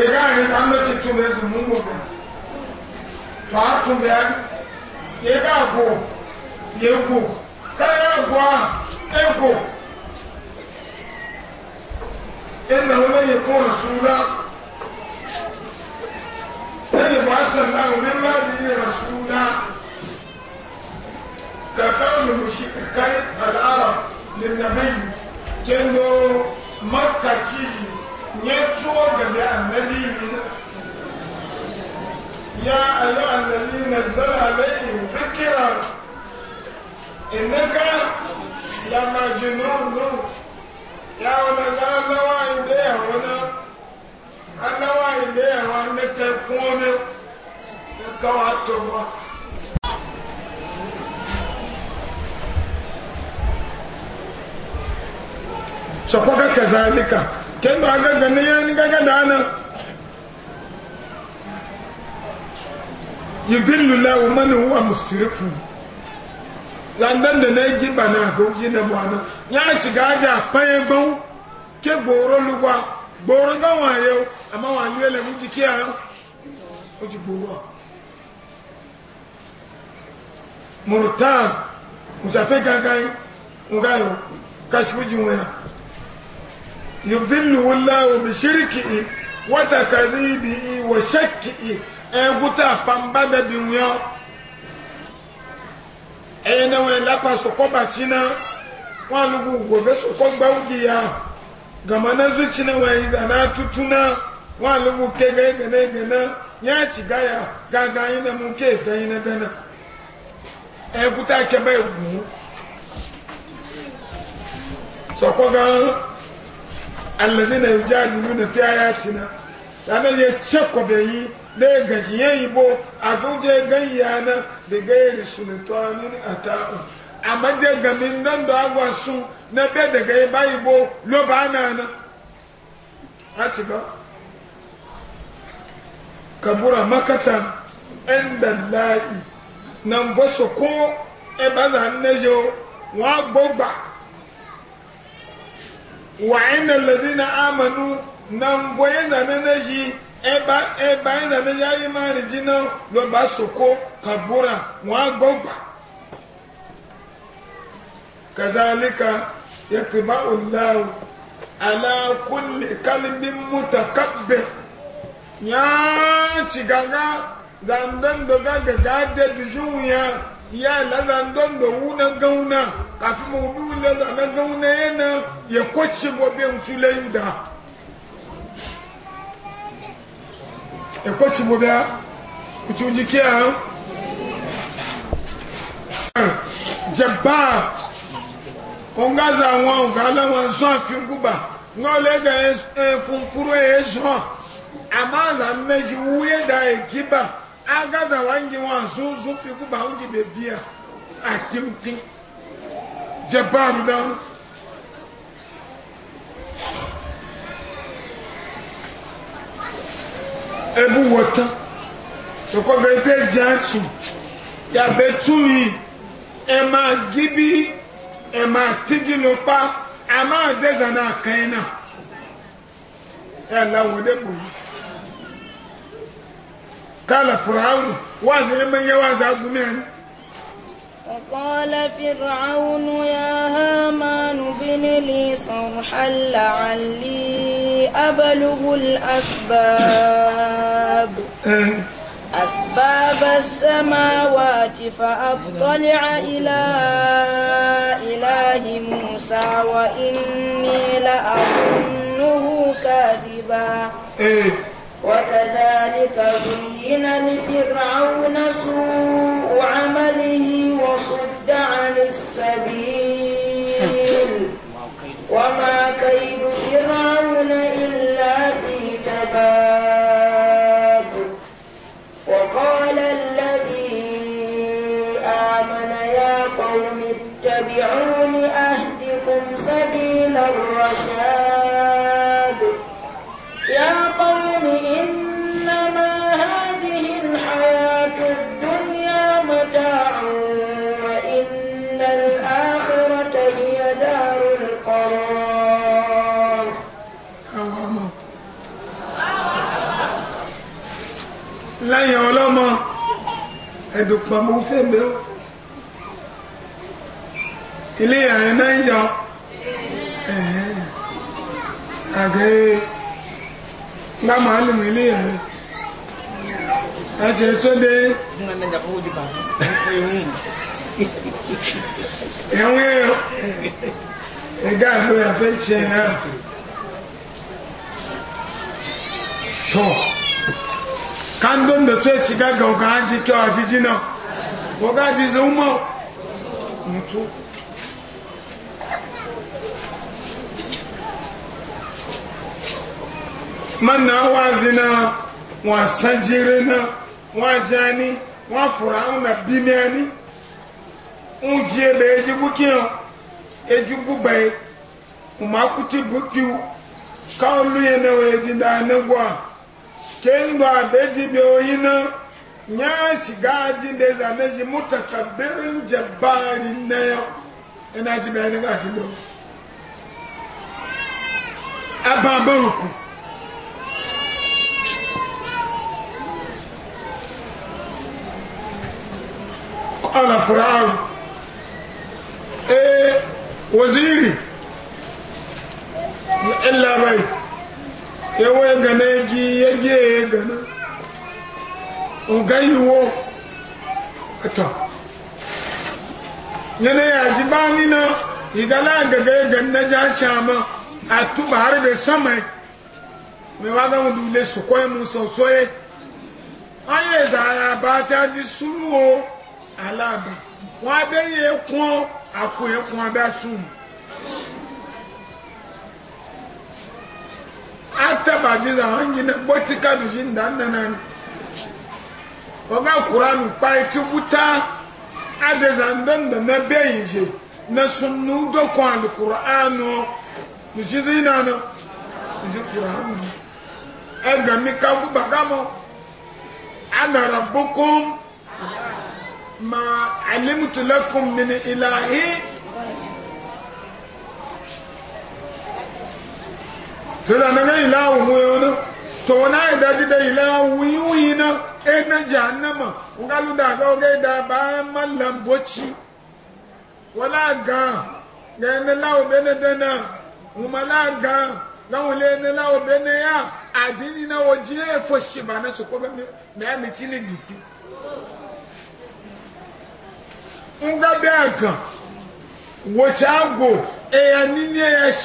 ìgbà yẹn sá ló ti tún bẹ zùmú mú bẹ tó a tún bẹ ìgbà gbò yẹ gbò káyọ̀ gbò a ẹ gbò ẹ nà wọ́n lẹ́yìn kó o sùn lọ lẹ́yìn wọ́n sàn náà wọ́n lẹ́yìn wọ́n lẹ́yìn rẹ̀ sùn lọ kàkà lùmùsì kàkà àlàrà lẹ́yìn nàbẹ́yìn kẹ́ńdó mọ́tàkì yìí ya tuwo gabe annabi ya ayyu annabi nazzala alayhi dhikra innaka la majnun ya wala la lawa inde ya wala alawa inde ya wala ta kuome ka wa to ba so ko ka kazalika kendo aga gani ya gaga dana yudhillu lahu man huwa musrifu landan da na ji bana ga uji na bwana ya ci ga ga paye go ke gboro lugwa gboro ga wa yo ama wa ni ele uji ki ayo uji gboro murtan usafe gangan ngayo kashuji wona yudhilluhu llahu bishirkihi wa takadhibihi wa shakkihi eguta pamba da binya ene we la kwa soko bachina wa lugu gobe soko gbawdi ya gama na zuci na we ga na tutuna wa lugu kege gane gane ya ci gaya gaga ina mu ke ga ina gana eguta kebe bai gu soko ga allazina yujadiluna fi ayatina dana ye chekwa be yi ne ga ye yi bo aguje ganya na de gairi sultanin ata'u amma de ga min nan da agwa su na be de ga bai bo lo ba na na hati ba kabura makatan inda la'i nan boso ko e ba na nejo wa gbogba wàáyín na lèzi na amanu na ngwẹ́yẹ́ na nẹ́nẹ́yìí ẹba ẹba yín na nẹ́yìí ayé máa rìn jí náà ló bá sòkó kàbúrà wọ́n á gbọ́ gbà. kazalika yẹtùbá òláwù alákùnlé kálíbí mútakàbẹ yáà tìgàgà zàǹdàǹdọ̀gà gàgà dẹ́dùjú yẹn ya laza ndondo wuna gauna kafin mu bi laza na gauna yana ya kwace gobe mutulayin da ya kwace gobe kucuji kiya jabba konga za wọn ga lawan zon fi guba ngole ga fun furo e zon amma za meji wuye da ekiba agada wangi wanzu zufi kuba wangi bebia akimki jabam dan ebu wata sokwa bebe jachi ya betumi ema gibi ema tigi lopa ama adeza na kaina ya lawode buhi قال فرعون وازن من يوازع قمين وقال فرعون يا هامان ابن لي صرحا لعلي أبلغ الأسباب إيه. أسباب السماوات فأطلع إلى إله موسى وإني لأظنه كاذبا إيه. وكذلك زين لفرعون سوء عمله وصد عن السبيل وما كيد فرعون إلا في تباب وقال الذي آمن يا قوم اتبعون أهدكم سبيل الرشاد ẹ̀dùn pàmò fèmè o ilé àyẹ̀ náà ń yọ àgbẹ̀ ńlá màá lè mú ilé àyẹ̀ ẹ̀ṣẹ̀ sóde ẹ̀wọ̀n ẹ̀yọ ẹ̀gá àgbẹ̀ àfẹ́ ṣe náà tọ̀ kandun da tsoye shiga ga hukahanci kyau a jiji nan hukahanci zai umar mutu man na wazi na wasan jiri na fura wafura na bimiani ujie da ejibu kiyo ejibu bai umakuti bukiu kawo luye na waje da anagwa kendo abeji be oyina ci gaji da zaneji mutakabbirin jabari na yau ina ji bayanin gaji lo ababen ku ala fir'aun eh waziri illa bai ewe gana eji eji eye gana ogayiwo atọ nyene ya ji ba nina igala gaga ega nne ji acha ama atuba har be sama me wa ga mu le sokoy mu so soye aye za ya ba ji suru o alaba wa be ye kun akun ekwu abịa abe ataba jesus hangi na gbɔti ka do si nda nana ni ɔga kura nu kpa eti buta adesa ndanda na bɛ yi ze na sunu do kɔn ali kura ano nu si si na no nu si kura ano ɛga mi ka bu baga mo anara bokom ma alimtu lakum min ilahi. sila na ga ila wu yo to na da di da ila wu yu yi na e na jahannama nga lu da ga ga da ba ma lambochi wala ga ga na la o be na da na mu ma la ga na wu le na la o be na ya adini na o ji e fo shi ba na su ko be ya mi chi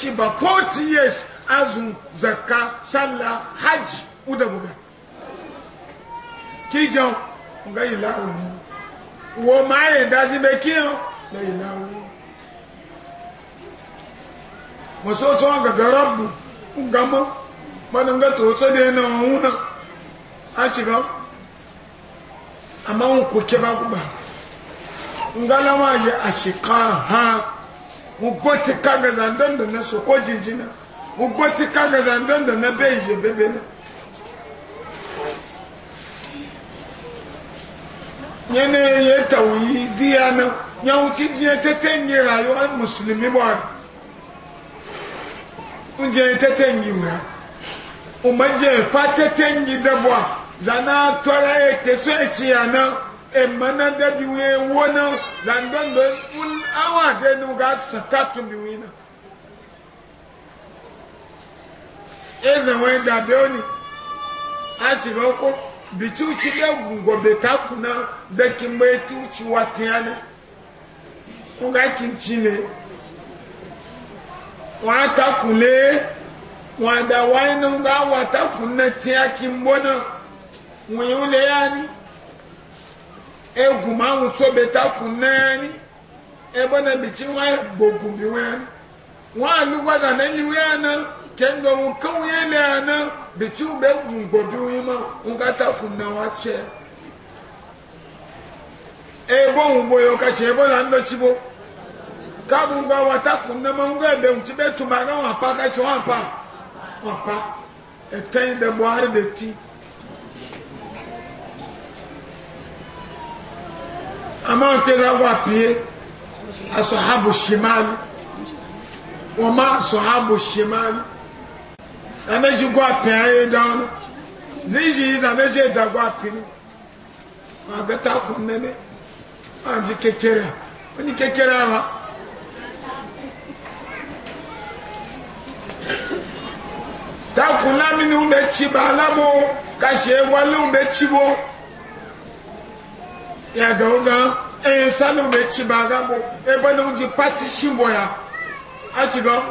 40 years azun zakka sallah hajj uda buga ki jẹun nga ìlà òun wo máa yẹ dájú bẹ kí ọ lẹ ìlà òun mọ̀sọ́sọ́ gàgà rọ́bù nga mọ́ mọ́nà nga tó sọ́dẹ̀ ẹ̀nà òun náà a ṣìkọ́ àmọ́ òun kò kẹ́ bá gbà nga láwọn àyè àṣìkà ha mo bọ́ ti ká gàdà ndọ́ndọ̀ náà sọ́kọ́ jìnjìn náà gbogbo ti kagaza ndondo na bɛ yi bebe na nye ne ye tawu yi diya na nyawu ti diɛ tete nye rayuwa musulumi bɔ a diɛ tete nyi wura o ma diɛ fa tete nyi de bɔ zana tɔra ye keso etsi ya na ema na de bi wo na zandondo awa de nu ka sata tu bi wi na. eze nwee dabe onye a ọkụ bichi uchi egwugwo betaku na beki mgbe eti uchi watiana nga kinchine wọn atakule wọn adawai na nga awataku na tia kimbo na wọn yi ya ni egwu ma ahụ so betaku na ya ni ebe na bichi nwa gbogbo bi nwa ya ni wọn alụgwa ga na ya na kenga wọn kan yẹ lẹ́yìn náà bìtí wọn bẹ gùn gbọ̀bí wọn mọ wọn ká takò nà wọn akyẹ. ebo wọn bọ yọ kàṣẹ ebo là ń lọ tsi bo káàbù ń gba wọn takò nà mọ wọn ká ẹbẹ wọn ti bẹ tó ma ká wọn apá kàṣẹ wọn apá wọn apá ẹtẹn dẹ bọ ayé dẹ ti. àmọ́ nkpéra wà pie asọ̀hábù shimali wọ́n má asọ̀hábù shimali ẹnẹ ṣe kó apẹ ayé dáwọn zizi yìí sàbẹ ṣe ìdàgbọ apẹni wọn àgẹta kọ nẹnẹ wọn àti kékeré wọn ní kékeré àwọn. takun lamini ń bẹ tsi ba alabo kàṣẹ wálé ń bẹ tsi bo yàgàwó gan ẹyẹ sálẹ bẹ tsi ba alabo ẹbẹ ní wọn ti pati si bọ ya àti gan.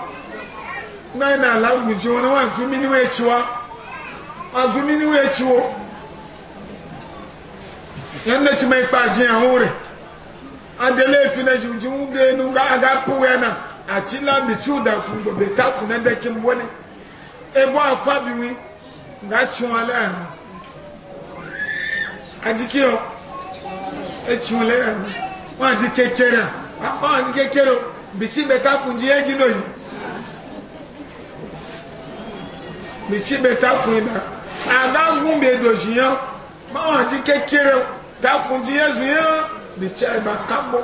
nga na ala ngwuji wani wa ntu mini wa echiwa adu mini wa echiwo yan na chima ipa ji ahun re adele fi na ji ji nge nu ga aga pu na achila mi chu da ku go beta ku na de kim woni ebo afa bi wi nga chu ala ya ajiki o echu le ya wa ji kekere wa ji kekere bi si beta ku ji e ji no mi tsi bɛ takun yi na agagun bɛ dozi yɛ mawa ti kekere takun ti yɛ zu yɛ mi tsi ayi ma kabo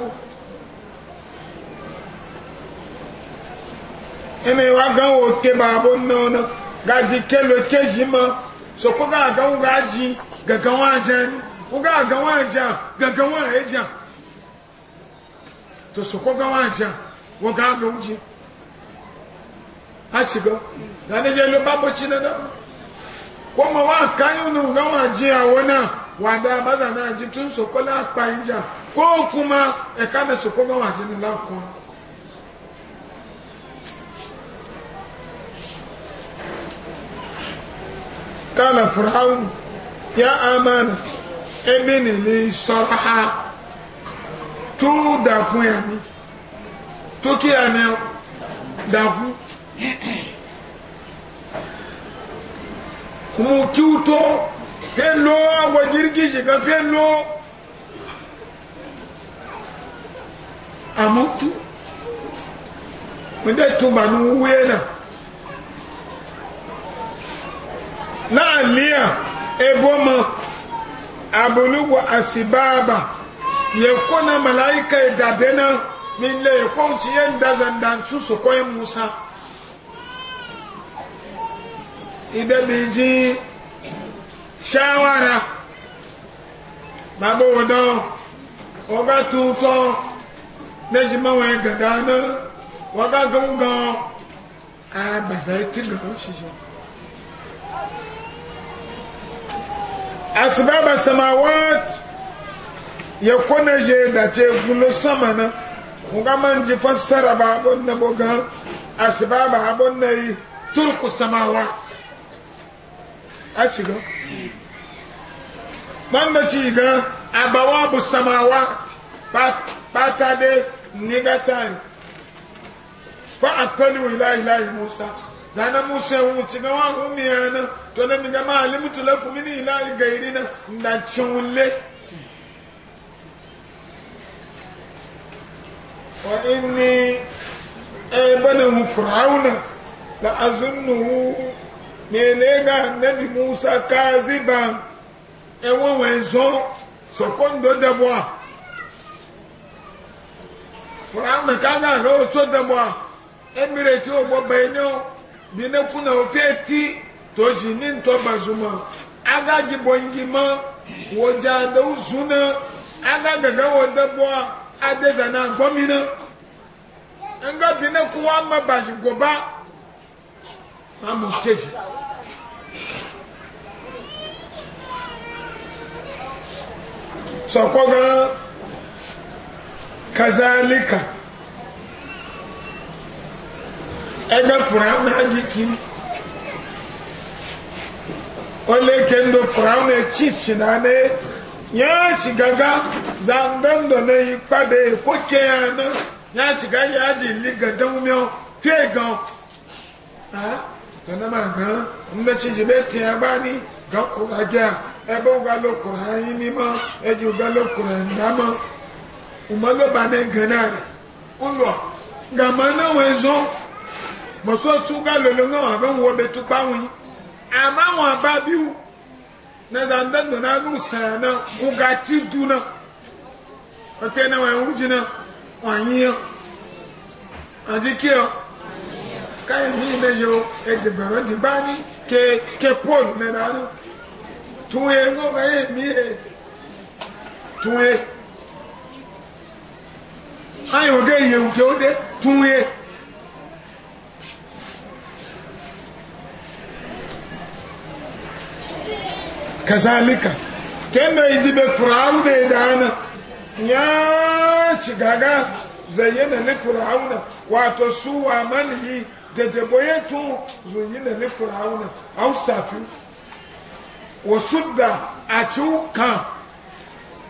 ɛnɛ wa gan wo ke ba bo nɔ na gaji kelo kezi ma soko ga gan wo ga dzi gɛgɛ wa dze wo ga gan wa dze gɛgɛ wa yɛ dze to soko ga wa dze wo ga gan wo dzi a gan gane je lo babu ci na nan ko ma wa kayu nu ga wa ji awo na wa da ba da na ji tun so ko la pa inja ko kuma e ka na so ko ga wa ji ni la ko kala fir'aun ya amana ebini li saraha tu da kun ya ni to ki ya mu kiwuto fenlo agwa jirgi shiga fenlo a mutu wanda tumanu wena la'aliya eboma abulugwa asibaba yekona malaika idadena min le yekonci yen dazandancu su koyin musa ibe bi ji shawara babu wudo oga tuto meji mawa gada na waga gungan a bazai tiga shijo asibaba samawat ya kone je da ce gulo sama na muga man ji fassara ba na buga asibaba abun na turku samawat a shiga banda ci ga abawa bu samawa bata de nigatan fa akali ila ilahi musa zana musa wu ci ga wa umiya na to na mi ga ma alimutu lakum min ilahi gairi na chunle wa inni ay eh, bana fir'auna la azunnuhu mele ga nabi musa kaziba ewo wenzo sokondo deboa furaun kana ro so deboa emireti ụgbọ ogbo benyo na ne kuna ofeti to ni nto bazuma aga ji bongi ma wo ja da uzuna aga gaga deboa adeza na gbomina nga bi ma wọn mú stéèjì kazalika ẹgbẹ fúnra náà di kiri o ci gaga zangando ne yi kpade ko kéèyàn ya gaga yẹn li tana ma gan nda ci jibe ti ya bani ga kura ga kura yi mi ma e ju ga lo kura nda ma o ma lo ba ne gana re o lo ga na we zo mo so su ga lo lo ngwa ba wo be tu pa wi ama wa ba bi u na da nda no na ru sa na u ga ti du na o te na wa u ji kayan ni be yo e de bero di bani ke ke paul me na no tun e ngo ga e mi e tun e ayi o de ye o ke o de tun e kazalika kenda yi jibe fir'aun da dana ya ci gaga zayyana ni fir'auna wato su wa manhi dedeboye tun zunyina ne firawuna aw safi wasudda a ciw kan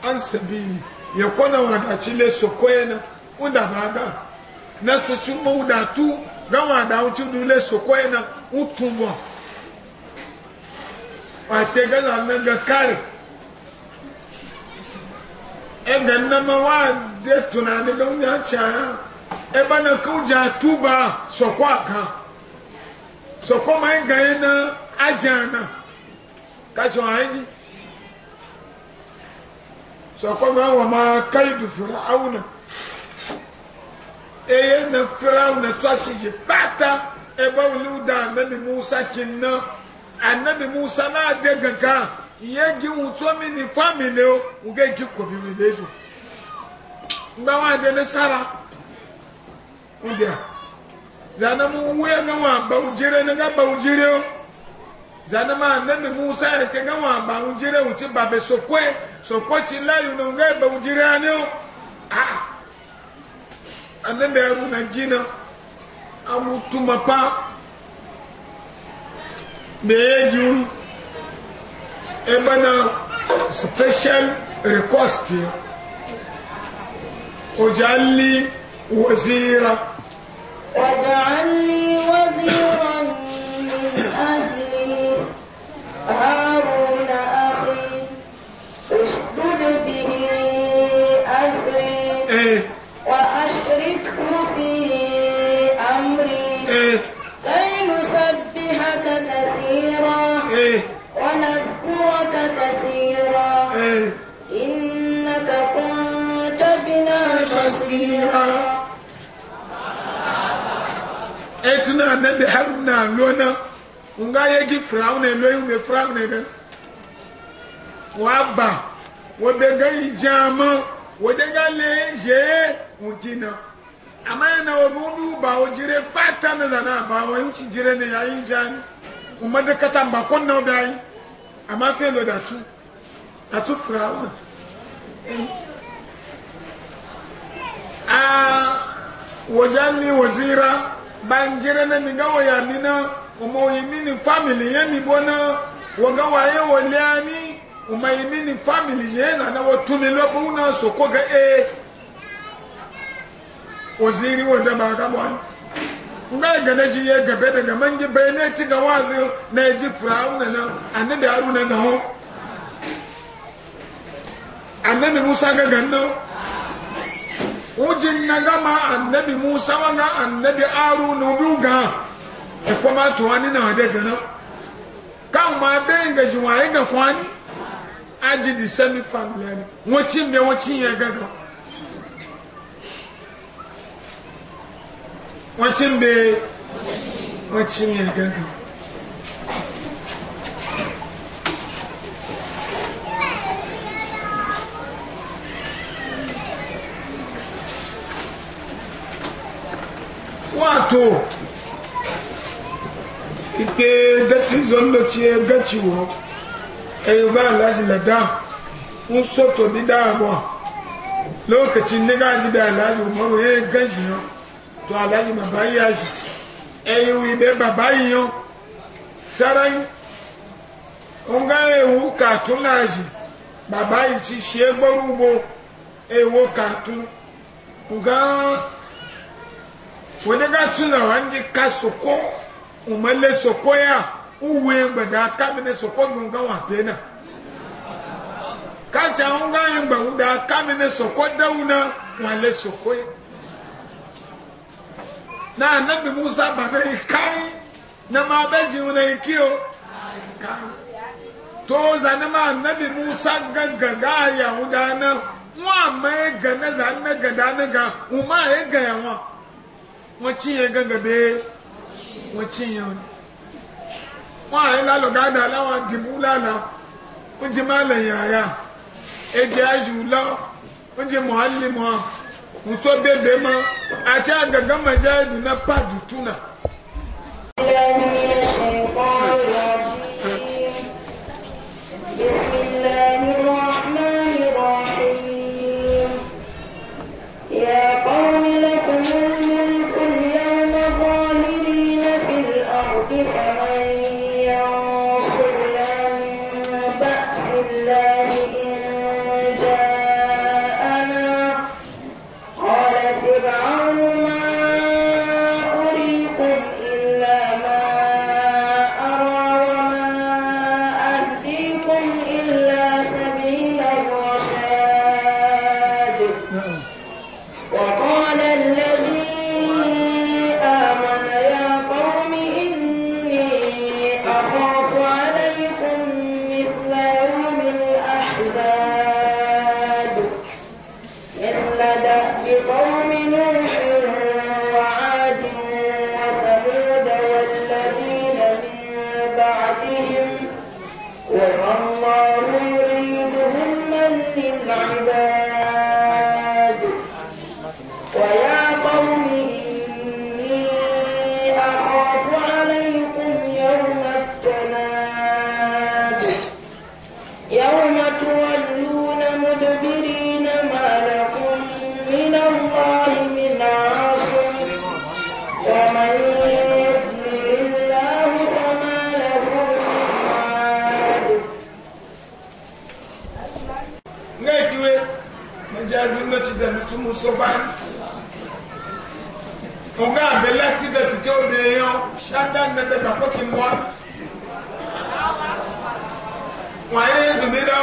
an sabili ya kona wada cile sokoye na uda baga na su ci mawuda tu ga wada wuci dule sokoye na utumwa a te gaza nan ga kare e ga wa de tunani ga wunya caya ebe na kauja atuba sokwa ka sokwa mai ga na ajana anyị haji sokwa ga wa ma kaidu fir'auna eye na fir'auna tsashi je bata ebe uluda anabi musa kinna anabi musa na de gaga yegi utomi ni family o uge ki kobi we bezu ngba sara ndia zana mu wuya ga wa ba ujire na ga ba ujire zana ma na mi musa ke ga wa ba ujire u ba be sokwe sokwe ci la yu no ga ba ujire ani ah anan da na gina amu tuma pa me ye special request Ojali jalli wazira واجعل لي وزيرا من أهلي هارون أخي اشدد به أزري إيه. وأشركه في أمري إيه. كي نسبحك كثيرا إيه. ونذكرك كثيرا إنك كنت بنا بصيرا etuna anabi haruna na nga ye gi firaun elo yi me firaun ebe wa ba wo be ga yi jama wo de ga le je ama na wo bu mi ba wo jire fata na zana ba wo yi ci jire ne yayi jan umma de kata mba kon na obi ayi ama fe lo da tu atu firaun a wajen ni wazira banjire na mi gawo ya mi na omo family ye mi bo na wo ye wo le ami family ye na na wo tu mi lo bu na ga e oziri wo da ba ka bo an nga ga na ji ye ga be ga manje be na ti ga wazi na ji fura na na ane da aru na na ho ane mi musa ga ga na wujin na gama annabi musa wanga annabi aru na ubi ga ikoma tuwani na wade gana kan ma bẹ́ẹ̀ gaji waye ga kwani aji di semi family ni wọ́n mbe mbẹ ya gaga gaga. to ike dati zondo ci e gaci wo e yi ba alaji la dam un soto bi da abuwa lokacin ni gaji da alaji umaru ya gaji yau to alaji baba yi yaji e yi wi be baba yi yau sarai un ga ewu katun laji baba yi ci shi egboru ugbo ewo katun un ga wani ga tuna wani ka soko umarle soko ya uwe gbada aka mene soko gunga wa pena kacha hun ga yin gba da aka mene soko dauna wale soko ya na anabi musa babe kai na ma beji wani kiyo to zane ma anabi musa gaggaga yahuda na wọn a ma ega na zane gada na ga umar ega ya wọn wọ́n chíyẹn gẹ́gẹ́ bí wọ́n chíyẹn wọ́n àrí lálùgádà láwọn dìbò lánàá wọ́n jí má lẹ̀yìn àyà èdè àjù lọ wọ́n jí mọ̀ álì mọ́ wọ́n tó bèbè mọ́ àti àgàgà mọ̀já ìdùnnà pàdùtùnà. ìyá mi ṣe ń kọ́ ìyá mi. soba nga abela ti de tutu obe yan dada ne de gbàgbọ́ kí n bọ́ wọ́n ayé yẹn zùmí dá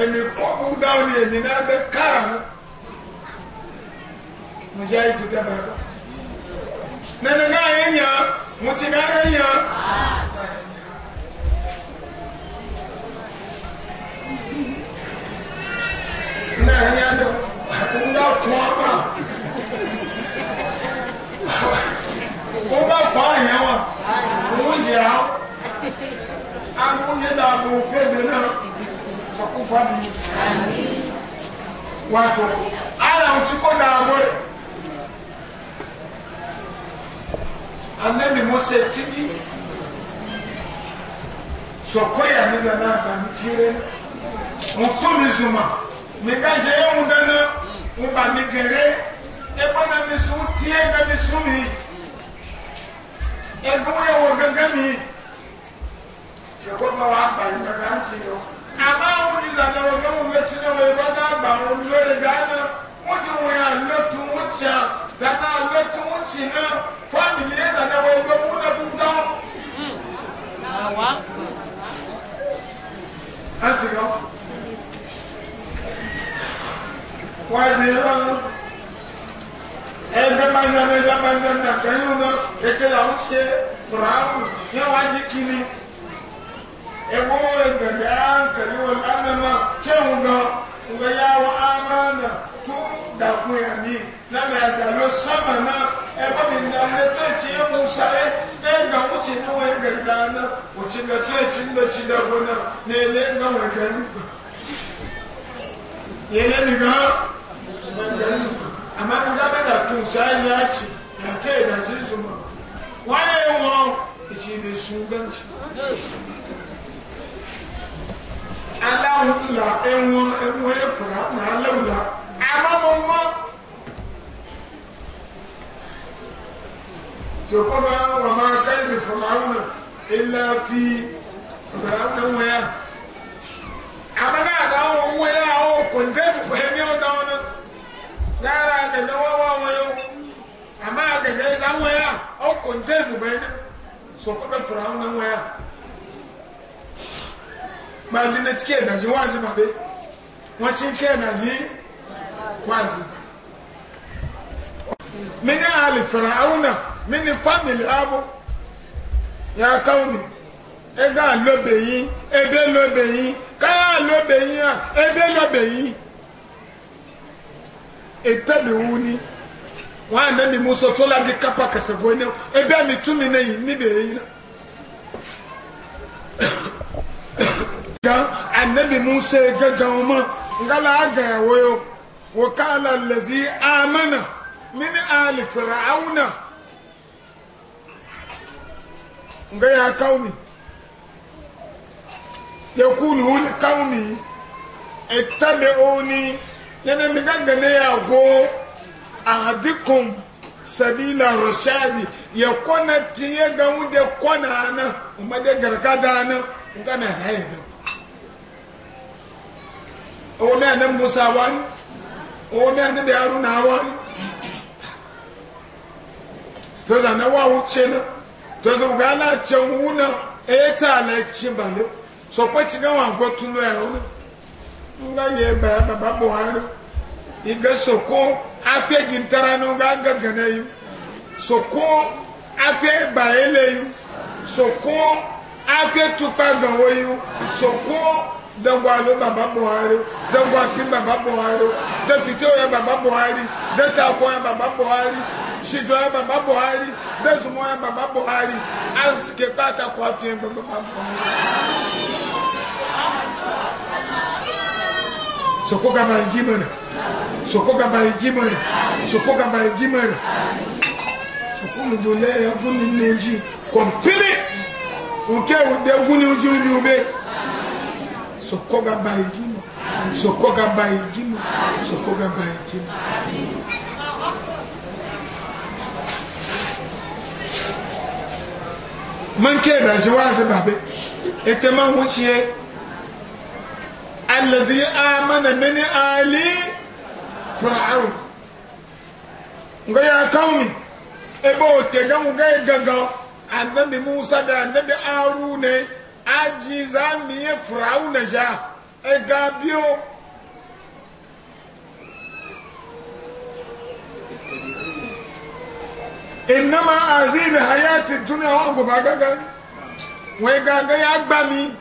èmi kọ́ bú dáwọn ni èmi náà bẹ kára mu mo jẹ́ ayé tó dábàá lọ nínú náà yẹn yàn mo ti náà yẹn yàn. náà yẹn yàn dọ̀. kọ́ yẹn wà òun yìrá àwọn yẹn dàgbò fèdè náà sọkúfà mi wàtò alam tí kò dàgbò rẹ anẹ́mi mo ṣe tìbí sọkọ́ yà mí lẹ́nu àgbàmì jíire mo tún mi zùmọ̀ mi ká ṣe é mu dáná mo bà mí gẹ̀rẹ́ ẹ̀fọ́n náà mi sùn tiẹ̀ náà mi sùn mi ẹdun yẹ mi ṣèkópa wa gbà yín gẹgẹ ń ṣe yọ àmọ́ àwọn onílànà ọgá wọn bẹ tí náà bá dá wọn lórí gánà wọn ti wọn yà lọtù wọn tì à dáná lọtù wọn tì náà fámìlì yẹn dáná wọn gbé wọn lọ kún dá. láti lọ wáyé ṣe yẹn lọ ẹgbẹ́ bá yọ ẹgbẹ́ bá yọ ẹgbẹ́ yóò lọ ètè làwọn ṣe fúráàbù yẹn wá jí kiri ẹgbẹ́ wọn ẹgbẹ̀gbẹ́ á ń tẹ̀lé wọn lánàá náà kéwù gan ìgbẹ́ yà wọ amánà tó dàkún yà mí lẹ́mẹ̀ ẹ̀dá ló sábà náà ẹgbẹ́ mi nà ẹ̀tẹ́ tí yẹ mú sáré ẹgbẹ́ wọn ti ní wọn ẹgbẹ̀gbẹ́ náà òtí lọ tó ètí ń lọ ti dàgbọ́ náà ní ilé ẹgbẹ́ wọn ẹgbẹ́ nù. ilé nìkan ẹgbẹ́ àmà ní dábẹ́dà tún sáyé àti yàtọ̀ ìdásí ìsúnmọ́ wáyé wọn ìtì ìdè sùn gẹ́ǹtì. aláwọ̀ ńlá ẹ̀wọ̀n ẹ̀wọ̀n ẹ̀kúrà nà aláwùlá àmàmọ́mọ́. tòkọ́bà wà máa káyìdì fọláwùnà ilá fi ọ̀gbẹ̀rẹ̀ àtẹ̀wọ̀n yá. àmàlà àtàwọn òun wẹ̀ yá ọ̀ kọ̀ńtẹ́ẹ̀bù pẹ̀lú ọ̀dọ́ ọ̀nà. gara gaga wawa wayo amma gaga ya zan waya au kondemu bai na so kwaɓe firawun nan waya ba di na cike da ji wazi ba bai wacin ke da ji wazi ba mini ali firawuna mini family abu ya kauni ega lobe yi ebe lobe yi kaya lobe a ebe lobe etabiwuni wọn àná ni mo sọ fọlá di kápá kẹsẹgbọ ẹni ẹbí àmì túnmí náà yìí níbẹ̀ yìí náà. gan anabi musa gangan ọmọ ngala agànyàwó yó wòkàlà lẹsí amánà mini ali fèrè awuna nga yà kawmi yẹ kúlù kawmi ẹtabiwuni yana mi gangane ya go ahadikum sabila rashadi ya kona tiye ga wude kona na umma de gargada na ngana haida o me anan musa wan o me anan da haruna wan to na wa wuce na to zo ga la cewuna e ta la chimbalo so ko chiga wan go tulu e ona nga nye ba baba buhari iga soko afe gintara no nga ga gana yu soko afe ba ele yu soko afe tupa gawo yu soko dango alo baba buhari dango akin baba buhari da fito ya baba buhari da tako ya baba buhari shizo ya baba buhari da zumo ya baba buhari an suke bata kwafiyan baba buhari soko gaba ya ji mana soko gaba ya ji mana soko gaba ya ji mana soko mu jole ya guni ne ji complete nke wude guni ji ubi ube soko gaba ya ji mana soko gaba ya ji mana soko gaba ya ji mana mun ke da shi babe ita man الذي آمن من آل فرعون يا قوم ebo tega ngai gaga annabi Musa da annabi Haruna aji za mi ye Firauna ja e ga bio innama azim hayati dunya wa gobaga ga we ga ga ya gba mi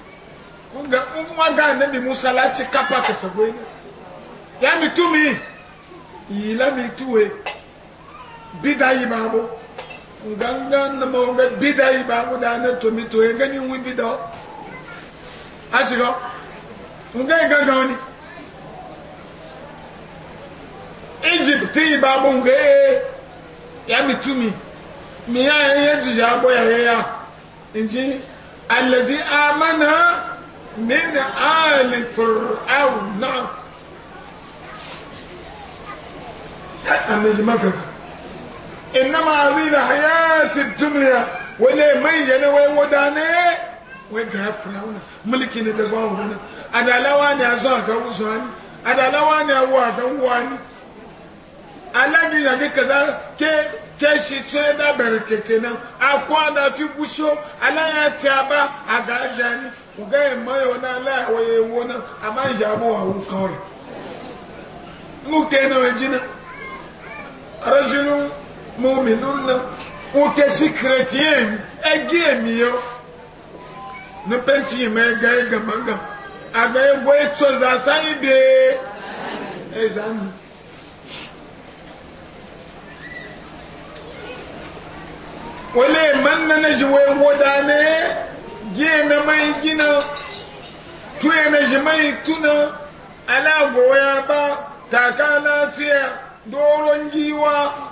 wanga annabi musa lati kapa ka sagoyi ya mi tumi yi la mi tuwe bida yi ba bo nganga na mo ga bida yi ba bo da na to mi ni wi bida a ti go nga ga ga ni egypt yi ba bo nga e ya mi tumi mi ya ye ju ja bo ya ye ya nji allazi amana من آل فرعون أمي مكة إنما أريد حياة الدنيا ولا من ينوي وداني ويقع فرعون ملكي ندبان هنا أنا لواني أزاك وزاني أنا لواني أواك واني ألاقي يعني كذا كي keshi tun da barkete nan akwa na fi gusho alaya ta ba a gaja ni ku ga yin mayo na alaya waye wo nan a ma ya mu wa wu kawai nuke na waje nan rajulun muminun nan uke shi kretiye ni egi emi yo na penti yi mai ga yi gama gama a ga yi gwa ito za sa ibe ezanu wale man na na ji wai woda ne je na mai gina tuye na ji mai tuna ala goya ba taka lafiya doron giwa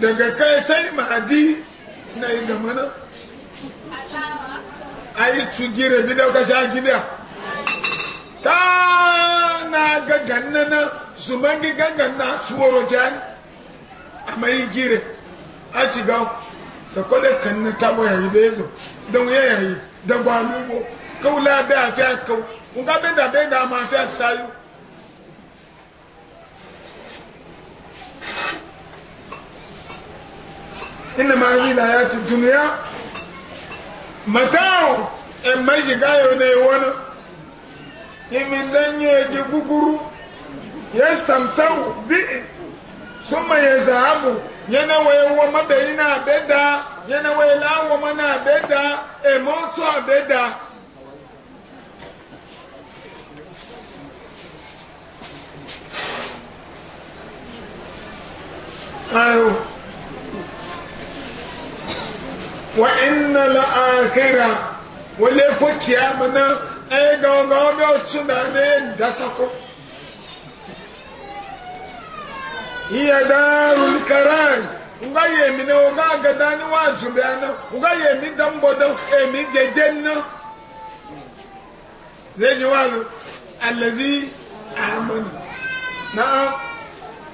daga kai sai mahadi na yi gamana a yi tsugire bida ka sha gida ta na gaggan na su mangi gaggan na suwaro kyan a mai gire a ci gawo sakole kanni tabo ya yi bezo don ya ya yi da gwalugo kaula be a fiya kau ga be da be da ma fiya sayu inna ma yi la ya ti duniya matao e mai shiga yo ne wona imin dan ye ji guguru yastamtau bi summa yazahabu yana wee woma beyi na abeda yana wee laa woma na abeda ema otu abeda ayo wa inna la akhira wale fo kiyama na ay e gawo gawo be otu na ne dasako hiya darul karam nga yemi ne nga agada ni wa zumbe ana nga yemi dambo da emi deden no zai wa allazi amanu na'am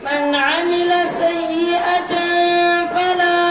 man amila sayyi'atan fala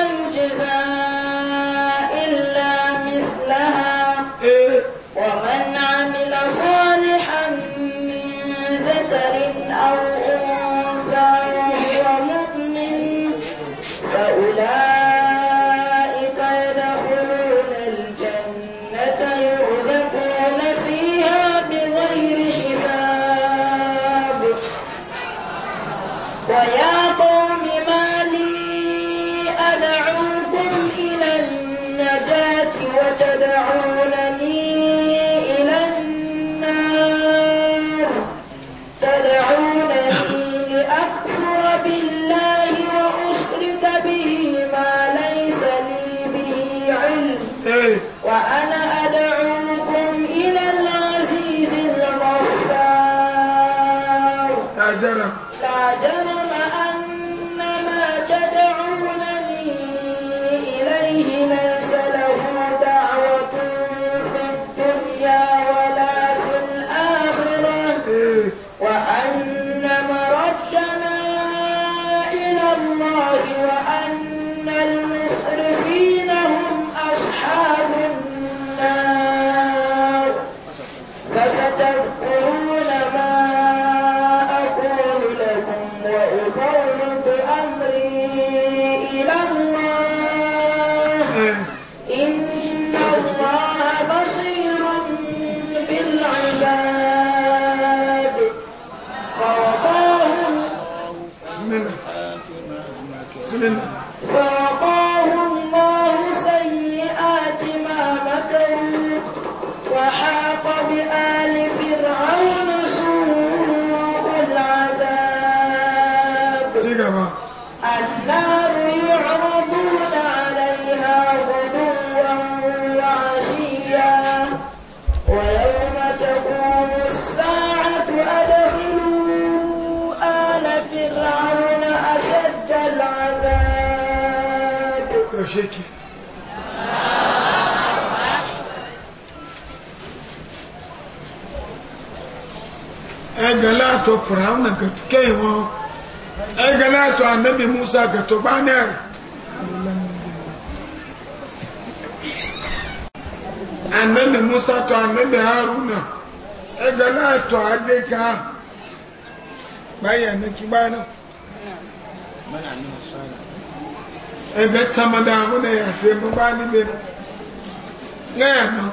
fìràwọn nà kẹ́yìn wọn ẹgbẹ́ náà tó anabi musa gẹ̀tọ́ gbá náà anabi musa tó anabi haruna ẹgbẹ́ náà tó adé ká báyìí ànàkí bá náà ẹgbẹ́ tsamadà àwọn ẹ̀yà tẹ́ mọ́ bá níbẹ̀ náà náà.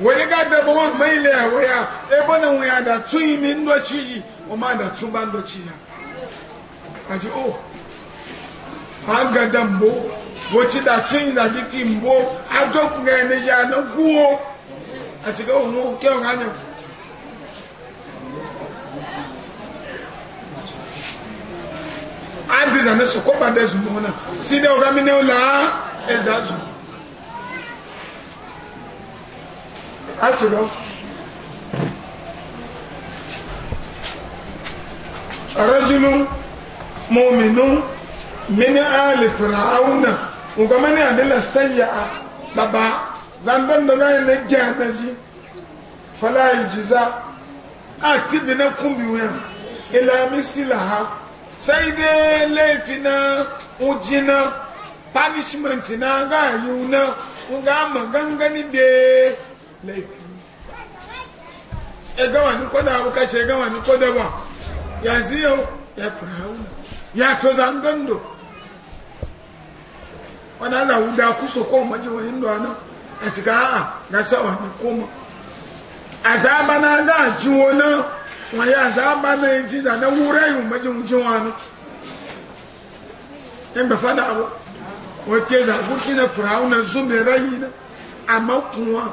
wani ga da ba wani mai le waya e bana waya da tun yi ni ndo ciji o ma da tun ba ndo ciji o an ga da mbo wace yi da diki mbo a doku ga ne ya na guwo a ci ga ohun ke o ganyo an ti zane su ko ba da su mona si da o ga mi ne o la asiro rajulun mu'minun min ali fir'auna uga mani adila sayya'a baba zandan da ga ne jana ji fala yujza ati bina kumbi wa ila mislaha sai dai laifina punishment na ga yuna uga magangani de laifi ya gama ni ko da abu kashe ya gama ni ko da ba ya ziyo ya firauna ya to zangando wani ala huda kusa ko maji wa hindu ana a shiga a'a na sawa na koma azaba na da jiwo na wani azaba na yin jiza na wurayu maji wujewa na in ba fada abu wake zaguki na firauna zumbe rayi na amma kuma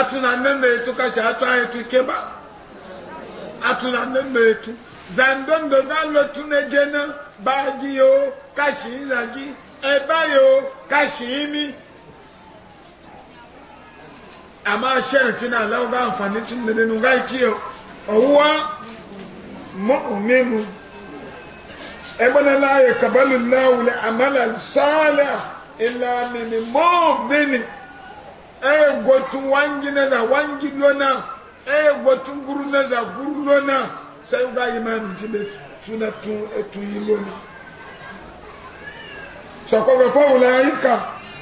atuna meme etu kasha atu anyi tu keba atuna meme etu zandondo na lotu ne jena baagi yo kashi nzagi eba yo kashi imi ama sheriti na alawo ba nfani tun nene nuga iki yo owuwa mu'minu ebana la yakabalu lawule amala salih illa min mu'minin e gotun wangi na za wangi lona e eh, gotun guru na za guru lona sai ga imam jibe suna tun etu yi lona sako ga fa ulaika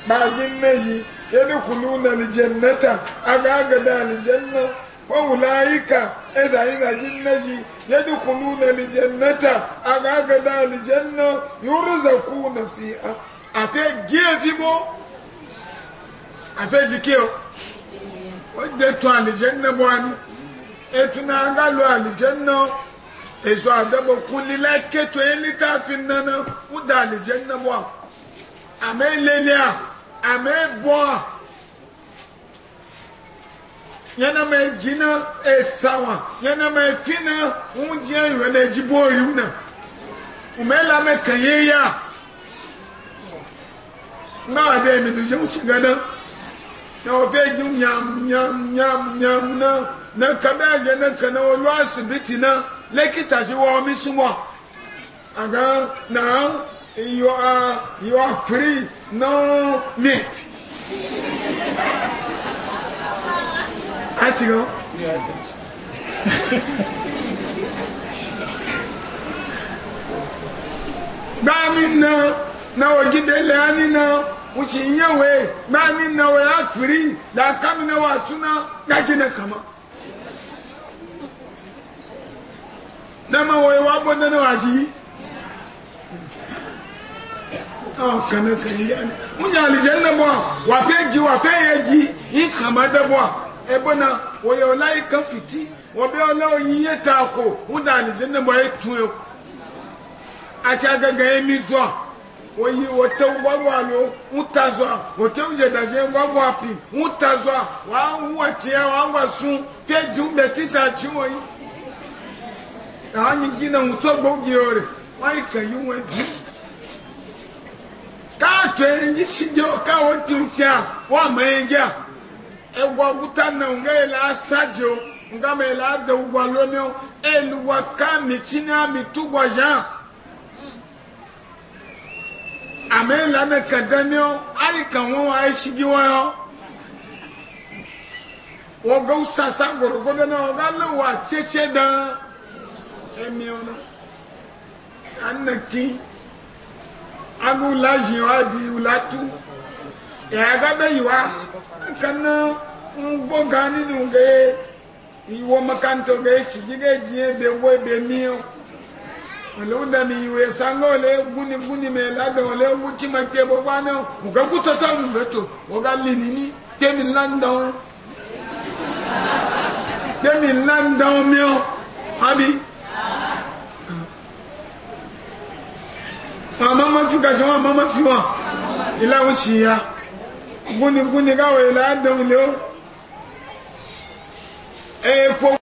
ba jin nayi yadkhuluna aljannata aga ga da aljanna fa ulaika idha eh, ila jin nayi yadkhuluna aljannata aga ga da aljanna yurzaquna fiha afi gezibo afeji kio ojide tun alijanna bɔ ani etuna aga lo alijanna ezo adabo kunlila keto eli ta fi nana uda alijanna bɔ ame lelia ame bɔ yẹnama egyina esawa yẹnama efina ŋun diẹ yọ na edzibo oyiwu na umela me kanyɛ ya mbawa de mi do jẹ gana na ofe ju nyam nyam nyam nyam na na kabe aje na kana olu asibiti na lekita ji wa omi sumo aga na you are you are free no meat ati go gbami na na ojidele ani na wuce nye we mani na we ya firi da kami na wa suna ya gina kama na ma we wa bo na wa ji aw oh, kana kan ya ni munya aljanna bo wa pe ji wa pe ya ji in kama da bo e bo na wo yo lai kan fiti wo be ola yiye ta ko munya aljanna bo e tun yo a ti agaga emi zuwa oyi wote ngwagwa lo utazwa wote ujedaje ngwagwa pi utazwa wa watia wangwa sun ke jumbe tita chiwoyi ani gina mutogbo giore wai kayu wedu ka twenji sijo ka woti ukya wa menja egwa gutana ngela asajo ngamela de ugwa lomyo elwa ka michina mitugwa jan àmì ìlànà ka ní ọ́ àríkà wọn wà ẹ́ṣí bí wọ́n yọ́ wọ́n gọ́ sàṣà gbòdògbòdò náà wọ́n bá lè wà tẹ́tẹ́ dán ẹ̀mí ọ̀nà ànàkí agúláṣì wá bí ìlàtú ẹ̀ẹ́dẹ́gbẹ́ yìí wá nǹkan náà ń gbọ́ga olóńdà mi ìwé sangó lé gúnigúni mi ládàá lé wútí ma ké gbogbo àná nǹkan kú tó táwọn ìwé tó ọgá lè níní kémi ńlá ń dán kémi ńlá mìíràn àbí. àmọ́ má fi kàṣẹ wọn àmọ́ fi wọn ilé àwọn sì ya gúnigúni káwé ládàá lé o.